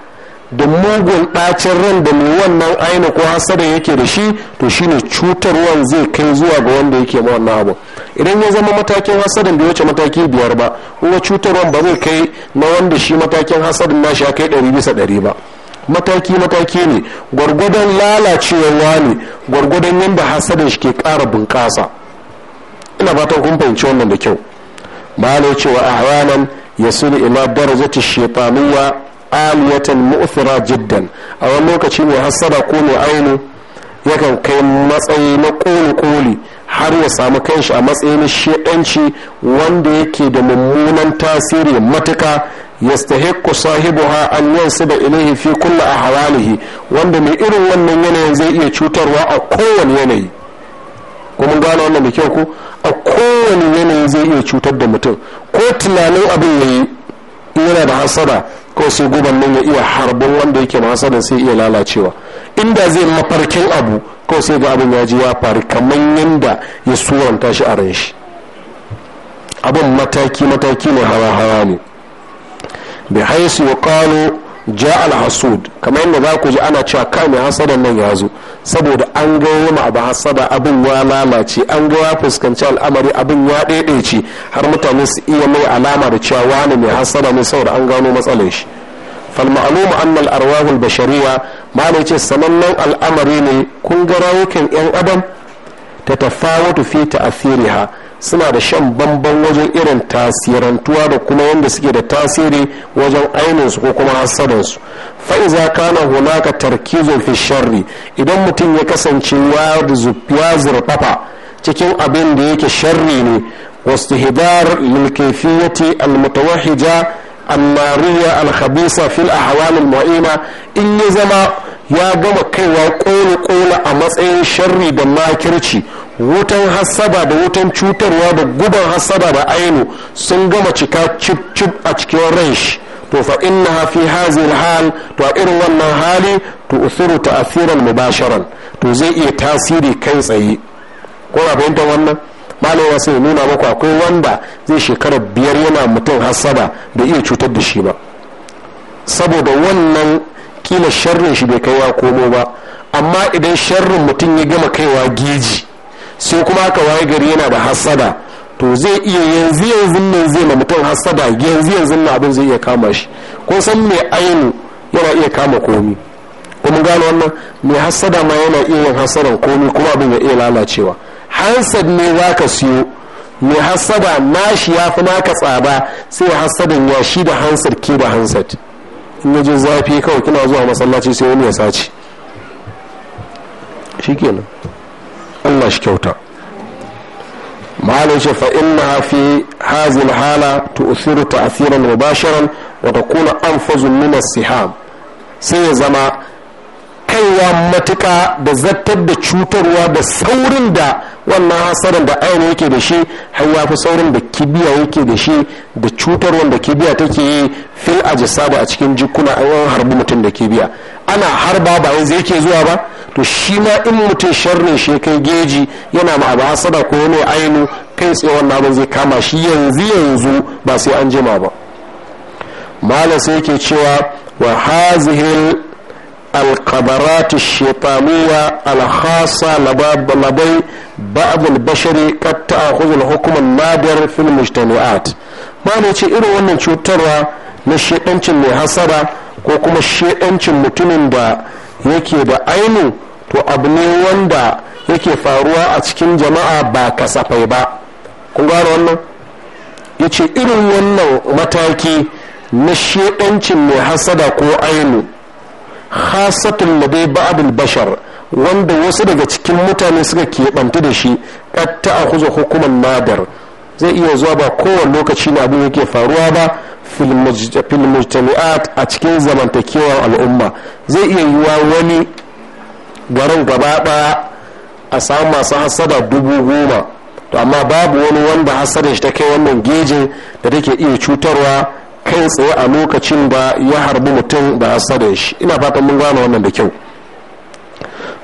da mugun ɗacin ran da mai wannan aini ko hasada yake da shi to shine cutarwan zai kai zuwa ga wanda yake ma wannan abu idan ya zama matakin hasadin bai wuce mataki biyar ba kuma cutarwan ba zai kai na wanda shi matakin hasadin nashi ya kai ɗari bisa ɗari ba mataki mataki ne gwargwadon lalacewa ne gwargwadon yadda hasadin shi ke ƙara bunƙasa ina fatan kun fahimci wannan da kyau malai cewa ya suna ila darajati shaytaniyya aliyatan mu'thira jiddan a wani lokaci mai hassada ko mai aunu yakan kai matsayi na koli koli har ya samu shi a matsayin shaidanci wanda yake da mummunan tasiri matuka yastahiqqu sahibuha an da ilayhi fi kulli ahwalihi wanda mai irin wannan yanayin zai iya cutarwa a kowane yanayi kuma gane wannan da kyau ko a kowane yanayi zai iya cutar da mutum ko tunanin abin ya yi yana da hasada ko sai guban nan ya iya harbin wanda yake da hasada sai iya lalacewa inda zai mafarkin abu ko sai ga abin ya ji ya faru kamar yadda ya suranta shi a ran shi abin mataki mataki ne hawa hawa ne bi haisu ya kano ja al hasud kamar yadda za ku ji ana cewa kai mai hasadan nan ya zo saboda an gawo ma abu hasada abin ya lalace an ga ya fuskanci al'amari abin ya ɗaiɗaice har mutane su iya mai alama da cewa wani mai hasada ne saboda an gano matsalar shi fal ma'lumu anna al arwah al bashariya ce sanannen al'amari ne kun ga rayukan yan adam ta tafawutu fi ta'athiriha suna da shan bamban wajen irin tasirantuwa da kuma yadda suke da tasiri wajen ainihinsu ko kuma hasadansu fa'iza kana hunaka tarkizon fi sharri idan mutum ya kasance ya zurfafa cikin abin da yake sharri ne wasu hidar lilkaifiyati almutawahija annariya alhabisa fil ahwal almu'ima in ya zama ya gama kaiwa kone kone a matsayin sharri da makirci wutan hassaba da wutan cutarwa da guban hassaba da ainu sun gama cika cip cip a cikin ran shi to fa inna fi hazil hal to a irin wannan hali to usuru ta'asiran mubasharan to zai iya tasiri kai tsaye ko na fahimta wannan malama sai nuna maka akwai wanda zai shekara biyar yana mutum hassaba da iya cutar da shi ba saboda wannan kila sharrin shi bai kai ya komo ba amma idan sharrin mutum ya gama kaiwa giji sai kuma aka waye gari yana da hasada to zai iya yanzu yanzu nan zai ma mutum hassada yanzu yanzu nan abin zai iya kama shi ko san mai ainu yana iya kama komi kuma gano wannan mai hassada ma yana iya yin hassadan komi kuma abin ya iya lalacewa hansad ne za ka siyo mai hassada nashi ya fi naka tsada sai hassadan ya shi da hansad ke da hansad in zafi kawai kina zuwa masallaci sai wani ya sace shikenan Allah shi kyauta malin shi inna fi hazil hala ta asirin mubasharan wata kuna an min nuna siham sai ya zama kaiwa matuka da zartar da cutarwa da saurin da wannan hasarin da ayon yake da shi har ya saurin da kibiya yake da shi da cutarwar da kibiya take yi fil ajisaba a cikin jikuna a an harbi mutum da kibiya ana harba ba yanzu yake zuwa ba to shi ma in mutum sharrin shi kai geji yana ma abu hasada ko wani ainu kai tsaye wannan abin zai kama shi yanzu yanzu ba sai an jima ba malam sai yake cewa wa hazihil القبرات الشيطانية الخاصة لبي بعض البشر قد تأخذ الحكم النادر في المجتمعات ما ce irin wannan cutarwa na shedancin mai hasara ko kuma shedancin mutumin da yake da ainu to abu ne wanda yake faruwa a cikin jama'a ba kasafai ba kun gano wannan ya ce irin wannan mataki na shaɗancin mai hasada ko ainu hasatun da bai abin bashar wanda wasu daga cikin mutane suka keɓanta da shi ƙatta a kuzo hukumar nadar zai iya zuwa ba kowane lokaci na abin yake faruwa ba filmujtami'at a cikin zamantakewar al'umma zai iya yiwa wani garin gaba ɗaya a samu masu hasada dubu goma to amma babu wani wanda hasadar shi ta kai wannan gejin da take iya cutarwa kai tsaye a lokacin da ya harbi mutum da hasadar shi ina fatan mun gane wannan da kyau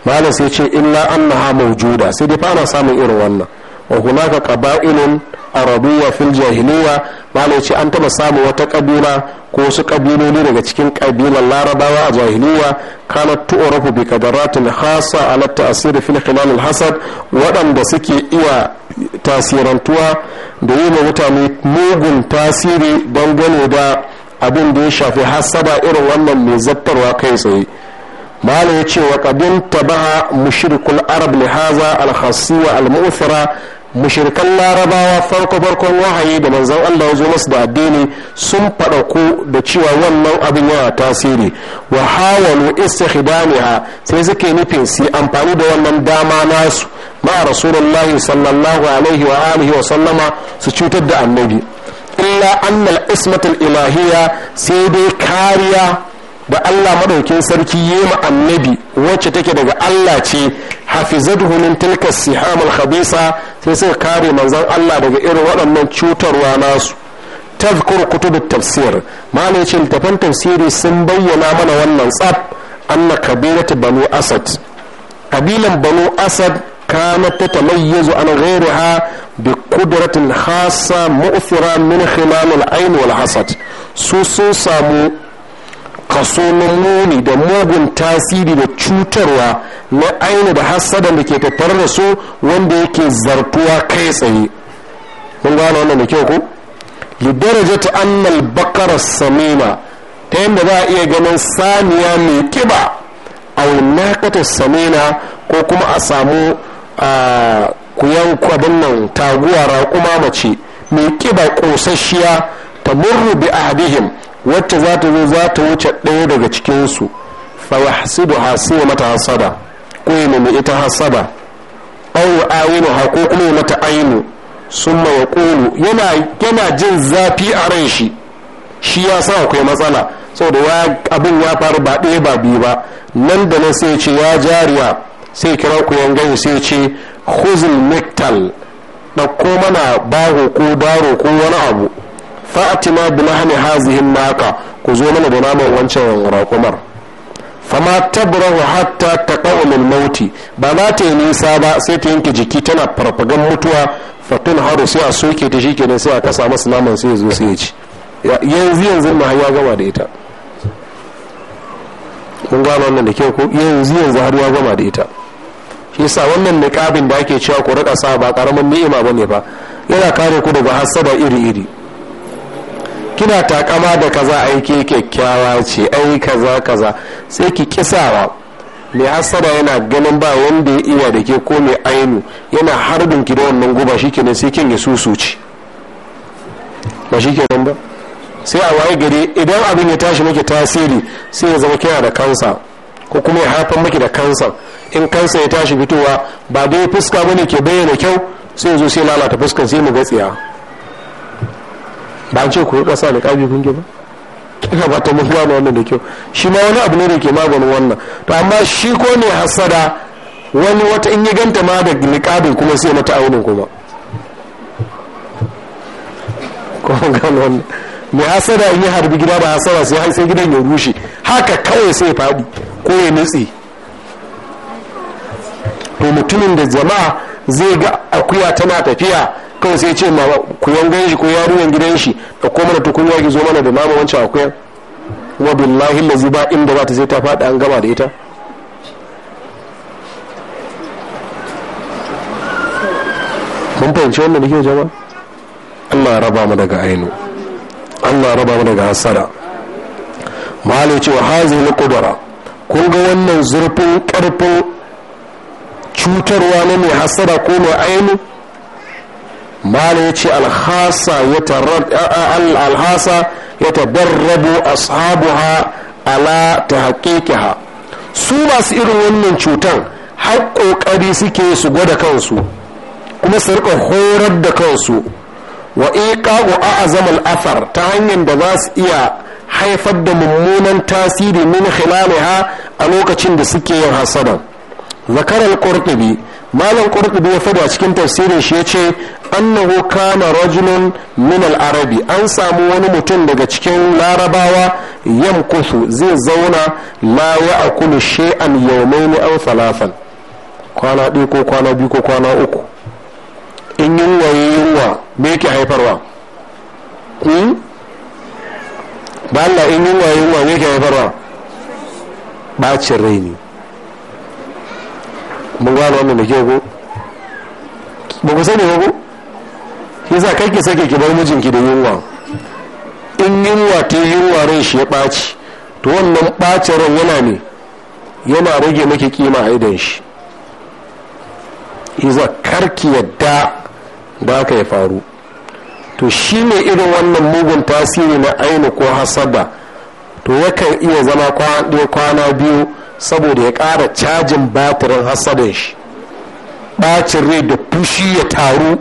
malam sai ce illa annaha mawjuda sai dai fa ana samun irin wannan wa hunaka qaba'ilun arabuwa fil jahiliya malai ce an taba samu wata kabila ko wasu kabiloli daga cikin kabilan larabawa a jahiliya kana tu'arafu bi qadaratin khassa ala ta'sir fil khilal al hasad waɗanda suke iya tasirantuwa da yi mutane mugun tasiri dangane da abin da ya shafi hasada irin wannan mai zattarwa kai tsaye malai ya ce wa kabin tabaha mushrikul arab lihaza haza al khassi al mushirkan larabawa farko farkon wahayi da manzan Allah ya zo masu da addini sun faɗaku da cewa wannan abin yana tasiri wa hawalu istikhdamiha sai suke nufin su amfani da wannan dama nasu ma rasulullahi sallallahu alaihi wa alihi wa sallama su cutar da annabi illa annal ismatul ilahiya sai dai kariya da Allah madaukin sarki yema annabi wacce take daga Allah ce hafizat min tilka sihamul khabisa sai suka kare manzon Allah daga irin waɗannan cutarwa nasu tazkur kutub tafsir malam yace littafan tafsiri sun bayyana mana wannan tsab anna kabilatu banu asad kabilan banu asad كانت تتميز عن غيرها بقدرة خاصة مؤثرة من خلال العين والحسد سوسو سامو kaso na muni da mugun tasiri da cutarwa na aini da hassadan da ke tattare da su wanda yake zartuwa kai tsaye mun gano wannan da kyau ko lidaraja ta annal bakara samima ta yadda za a iya ganin saniya mai kiba a nakata samina ko kuma a samu kuyan kwabin nan taguwa raƙuma mace mai kiba ƙosasshiya ta murru bi ahdihim wacce za ta zo za ta wuce ɗaya daga cikinsu fa hasi wa mata hasada ko ya nemi ita hasada aw ayinu ha ko kuma mata ainu summa yaqulu yana yana jin zafi a ran shi shi ya sa akwai matsala saboda abin ya faru ba ɗaya ba biyu ba nan da nan sai ce ya jariya sai kira ku gani sai ce khuzul miktal ɗauko mana baho ko daro ko wani abu ma bi lahni hazihi naka ku zo mana da naman wancan raƙumar fama tabrahu hatta taqaw min mauti ba za ta yi nisa ba sai ta yanke jiki tana farfagan mutuwa fatun haru sai a soke ta ne sai a kasa masa naman sai ya zo sai ya ci yanzu yanzu ma ya gama da ita mun gano wannan da kyau ko yanzu yanzu har ya gama da ita shi sa wannan niqabin da ake cewa ku rika sa ba karamin ni'ima bane ba yana kare ku daga hasada iri iri kina takama da kaza aiki kyakkyawa ce ai kaza kaza sai ki kisawa mai hasada yana ganin ba wanda ya iya da ke ko mai ainu yana harbin ki da wannan guba kenan sai kin ya ci ba shi kenan ba sai a waye gari idan abin ya tashi muke tasiri sai ya zama kina da kansa ko kuma ya haifar maki da kansa in kansa ya tashi fitowa ba dai fuska bane ke bayyana kyau sai ya zo sai lalata fuskan sai mu gatsiya ba an ce ku yi ƙasa da ƙabi kun ba ina ba ta mafi wani wannan da kyau shi ma wani abu ne da ke maganin wannan to amma shi ko ne hasada wani wata in yi ganta ma da niƙabin kuma sai mata aunin kuma ko wannan mai hasada in yi harbi gida ba hasada sai sai gidan ya rushe haka kawai sai ya faɗi ko ya nutse to mutumin da jama'a zai ga akuya tana tafiya kawai sai ce ma ku yangan shi ko yarinyan gidan shi da ko mana tukunya ki zo mana da nama wancan akuyan wa billahi lazi ba inda za ta sai ta faɗi an gama da ita mun fahimci wannan da ke jama allah raba mu daga ainu allah raba mu daga hasara mahalin cewa hazi na kudura kun ga wannan zurfin karfin cutarwa na mai hasara ko mai ainu mala ya ce alhasa ya tabarrabu ashabuha ala ta haƙiƙiha su masu irin wannan cutan har ƙoƙari suke su gwada kansu kuma su rika horar da kansu wa iqa'u a'zam al-athar ta hanyar da za su iya haifar da mummunan tasiri min khilaliha a lokacin da suke yin hasada zakarar al-qurtubi malam qurtubi ya fada cikin tafsirin shi ya ce. annahu kana rajulun min al-arabi an samu wani mutum daga cikin larabawa yamkusu zai zauna la akulu shay'an yawmayn aw thalathan kwana ɗaya ko kwana biyu ko kwana uku in yunwa yunwa me yake haifarwa ba hmm? Allah in yunwa yunwa me yake haifarwa bacin rai ne mun gano wannan da ke ku ba ku sani ba ku. yasa kai ki sake ki bar mijinki da yunwa in yunwa ta yunwa ran shi ya ɓaci to wannan ɓacin ran yana ne yana rage maki kima a idan shi kar ki yadda da aka ya faru to shi ne irin wannan mugun tasiri na aini ko hasada to yakan iya zama kwana biyu saboda ya ƙara cajin batirin hasadan shi ɓacin rai da fushi ya taru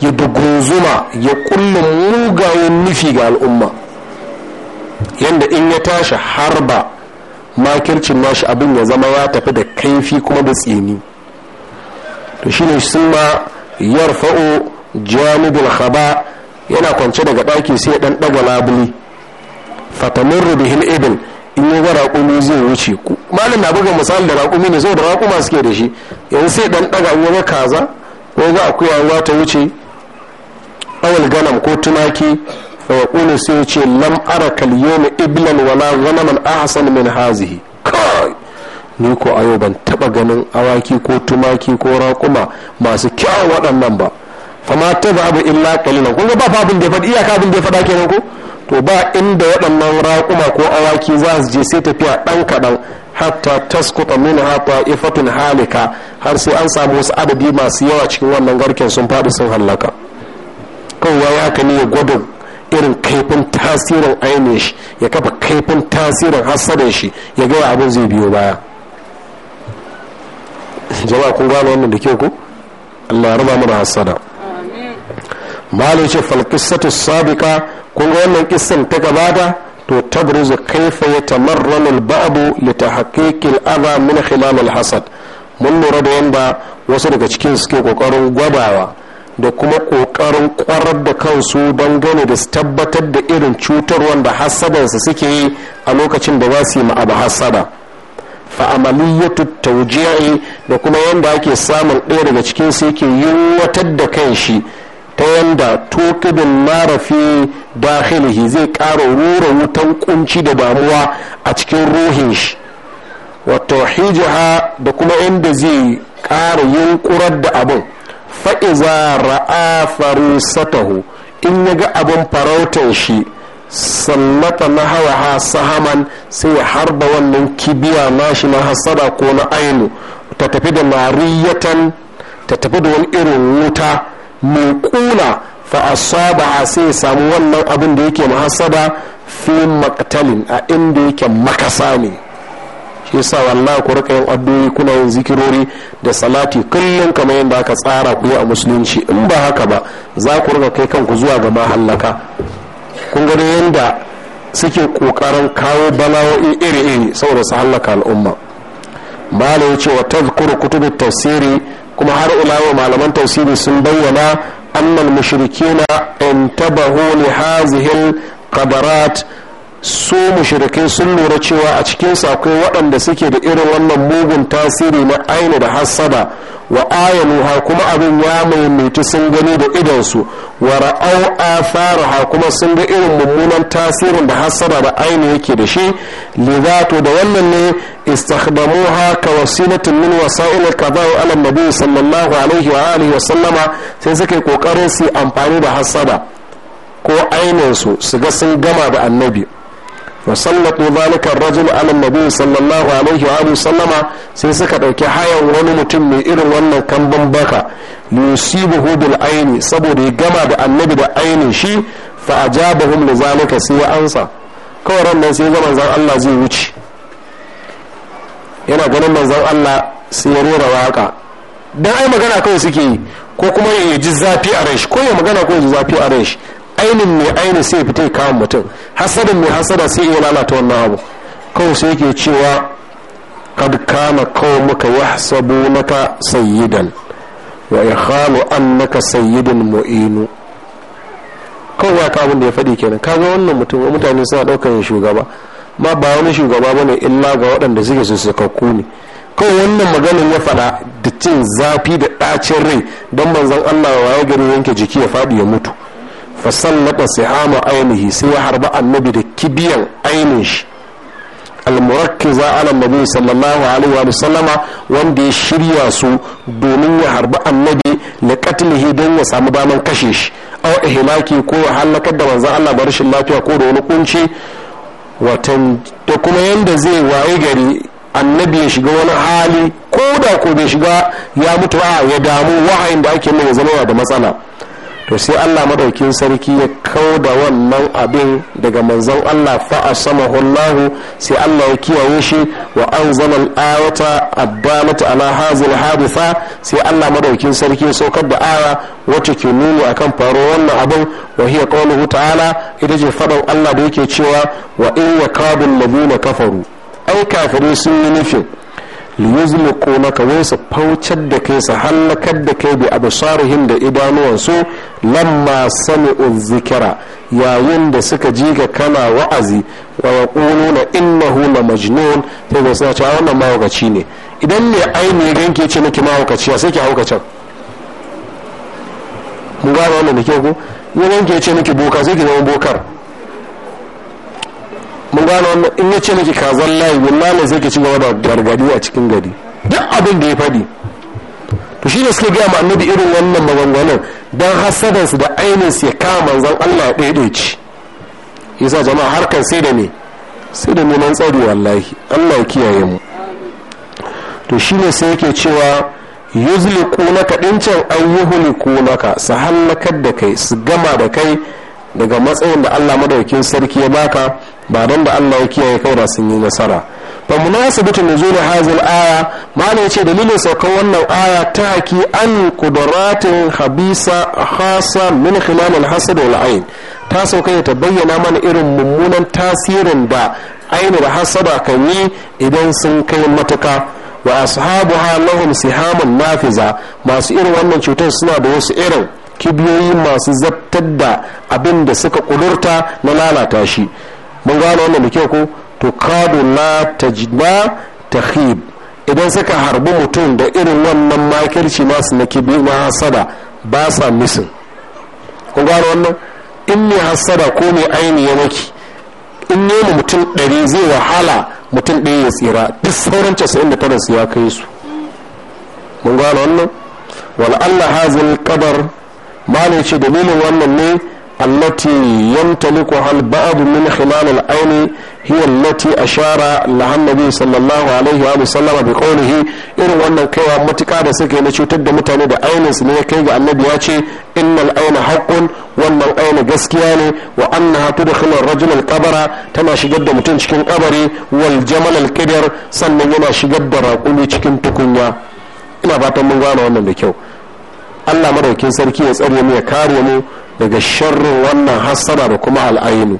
ya dugunzuma ya kullum mugayen nufi ga al'umma yadda in ya tashi harba makircin nashi abin ya zama ya tafi da kaifi kuma da tsini to shine sun ma yarfa'u janibul khaba yana kwance daga ɗaki sai ya ɗan ɗaga labuli fatamurru rubihin ibin in yi ga raƙumi zai wuce ku malam na buga misali da raƙumi ne saboda raƙuma suke da shi yanzu sai ɗan ɗaga in ya kaza ko ga akuya ruwa ta wuce awal ganam ko tumaki wa kulu sai ya ce lam ara kal yawma iblan wala ghanaman ahsan min hazihi kai ni ko a yau ban taba ganin awaki ko tumaki ko raƙuma masu kyau waɗannan ba fama ta ba abu illa kalilan kun ba abin da ya faɗi iyaka abin da ya faɗa kenan ko to ba inda waɗannan raƙuma ko awaki za su je sai tafiya ɗan kaɗan hatta taskuta min hata ifatun halika har sai an samu wasu adadi masu yawa cikin wannan garken sun faɗi sun hallaka kawai ya ka ya gwada irin kaifin tasirin ainihin shi ya kafa kaifin tasirin hassadin shi ya gaya abin zai biyo baya jama'a kun gano wannan da ke ku allah raba mana hassada malin ce falkisatu sabika kun ga wannan kisan ta gabata to tabrizu kaifa ya tamarran al-ba'du li tahqiqil adha min khilal al-hasad mun lura da yanda wasu daga cikin suke kokarin gwadawa da kuma ƙoƙarin kwarar da kansu don gane da su tabbatar da irin cutar wanda hassadansu suke yi a lokacin da za su yi abu hassada fa'amaliyatu tauji'i da kuma yadda ake samun ɗaya daga cikin su yake yiwatar da kan shi ta yadda tokibin marafi dahilihi zai ƙara rura wutan kunci da damuwa a cikin ruhin shi wato hijiha da kuma inda zai ƙara yunkurar da abin fa'iza ra'a satahu in ya ga abin farautar shi sallata na hawa sahaman sai ya harba wannan kibiya nashi na hasada ko na ainu ta tafi da mariyatan ta tafi da wani irin wuta mai kula fa asaba sai ya samu wannan abin da yake mahasada fi maktalin a inda yake makasa ne shi yasa wallahi ku rika yin addu'o'i kuna yin zikirori da salati kullum kamar yadda aka tsara ku a musulunci in ba haka ba za ku rika kai kanku zuwa ga mahallaka kun gani yadda suke kokarin kawo bala'o'i iri-iri saboda su hallaka al'umma malam ya ce wa tazkuru kutubu tafsiri kuma har ila malaman tafsiri sun bayyana annal mushrikina intabahu li hadhihi qadarat su mushirikai sun lura cewa a cikin akwai waɗanda suke da irin wannan mugun tasiri na aini da hasada wa ayanu ha kuma abin ya maimaitu sun gani da idonsu wa ra'au fara ha kuma sun ga irin mummunan tasirin da hassada da aini yake da shi lizato da wannan ne ha ka wasilatin min wasa'il kaza wa ala nabi sallallahu alaihi wa alihi wa sallama sai suke kokarin su amfani da hasada ko ainin su su ga sun gama da annabi wasallatu zalika rajul ala nabi sallallahu alaihi wa sallama sai suka dauki hayan wani mutum mai irin wannan kamban baka yusibuhu bil aini saboda ya gama da annabi da aini shi fa ajabahum li zalika sai ya ansa kawai ran nan sai ga zan Allah zai wuce yana ganin manzon Allah sai ya rera waka dan ai magana kawai suke yi ko kuma ya ji zafi a rai ko ya magana ko zafi a rai ainin mai aini sai fita kawo mutum hasadin mai hasada sai iya lalata wannan abu kawai sai yake cewa kad kana qaumuka yahsabunaka sayyidan wa ikhalu annaka sayyidun mu'inu kawai ka abin da ya faɗi kenan kaga wannan mutum mutane suna ɗaukar shugaba ma ba wani shugaba bane illa ga waɗanda suke su sakakku ne kawai wannan maganin ya faɗa da cin zafi da ɗacin rai don manzon Allah wa ya gari yanke jiki ya faɗi ya mutu fasallaba sihama ainihi sai ya harba annabi da kibiyan ainin shi za a nabi sallallahu alaihi wa sallama wanda ya shirya su domin ya harba annabi da katilihi don ya samu daman kashe shi aw ihlaki ko ya halakar da manzon Allah ba rashin lafiya ko da wani kunci watan da kuma yanda zai waye gari annabi ya shiga wani hali ko da ko bai shiga ya mutu a ya damu wahayin da ake nuna zama da matsala to sai allah maɗaukin sarki ya kau da wannan abin daga manzon allah fa'a sama hullahu sai allah ya kiyaye shi wa an zaman ayata addalata ala hazil haditha sai allah maɗaukin sarki ya saukar da aya wacce ke nuni akan faruwar wannan abin wa hiya qawluhu ta'ala ita ce faɗar allah da yake cewa wa in yakabul ladina kafaru ai kafirai sun yi nufin liyuzliqu naka wai su faucar da kai su hallakar da kai bi absarihim da idanuwansu lamma sami zikira yayin da suka ji ga kana wa'azi wa yaquluna innahu la majnun yi ga suna a wannan mahaukaci ne idan ne aini ne ganke ce miki mahaukaci sai ki haukacin mun gane wannan da ke ku ne ganke ce miki boka sai ki zama bokar mun gane wannan in ya ce miki kazan layi wallahi sai ki ci gaba da gargadi a cikin gari duk abin da ya faɗi to shi ne suke gaya ma annabi irin wannan maganganun don su da ainihin su ya kama manzon Allah ya ci yasa jama'a harkar sai da ne sai da neman tsari wallahi Allah ya kiyaye mu to shi ne sai yake cewa yuzliqunaka dincan an yuhliqunaka su hallakar da kai su gama da kai daga matsayin da Allah madaukin sarki ya baka ba don da Allah ya kiyaye kai da sun yi nasara fa munasabatu nuzul hazil aya malam ce dalilin saukan wannan aya ta haki an qudratin habisa khasa min khilal al hasad wal ain ta sauka ta bayyana mana irin mummunan tasirin da aini da hasada kan yi idan sun kai matuka wa ashabuha lahum sihamun nafiza masu irin wannan cutar suna da wasu irin kibiyoyi masu zabtar da abin da suka kudurta na lalata shi mun gano wannan da kyau ko to kadu la tajna takhib idan suka harbi mutum da irin wannan makirci masu na kibi na hasada ba sa misin kun gano wannan in ne hasada ko ne aini ya maki in ne mutum ɗari zai wahala mutum ɗaya ya tsira duk sauran casa'in da tara su ya kai su mun gano wannan wal Allah hazil ma ne ce dalilin wannan ne التي يمتلكها البعض من خلال العين هي التي أشار لها النبي صلى الله عليه وآله وسلم بقوله إن وأن كيوا متكا da suke na cutar da mutane da ainin su ne ya kai ga annabi ya ce innal aina haqqun wannan aina gaskiya ne wa annaha tudkhilu ar-rajula al-qabra tana shigar da mutum cikin kabari wal jamal al sannan yana shigar da raƙumi cikin tukunya ina fatan mun gane wannan da kyau Allah madaukin sarki ya tsare mu ya kare mu daga sharrin wannan hassana da kuma al'ainu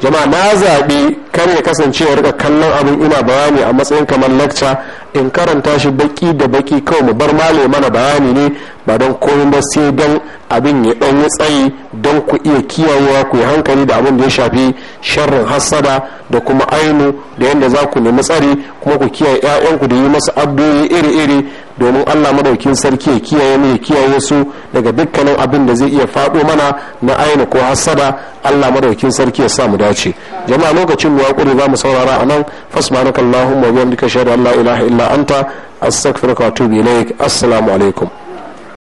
jama'a na zaɓi kar ya kasance ya rika kallon abin ina bayani a matsayin kamar lakca in karanta shi baki da baki kawai mu bar male mana bayani ne ba don komai ba sai don abin ya dan tsayi don ku iya kiyayewa ku yi hankali da abin da ya shafi sharrin hassada da kuma ainu da yadda za ku nemi tsari kuma ku kiyaye ƴaƴanku da yi masa addu'o'i iri-iri domin Allah madaukin sarki ya kiyaye mu ya kiyaye su daga dukkanin abin da zai iya faɗo mana na ainu ko hassada Allah madaukin sarki ya sa mu dace jama'a lokacin mu ya kure za mu saurara a anan fasmanakallahumma wa bihamdika shahadu an la ilaha illa illa anta astaghfiruka wa atubu ilaik assalamu alaikum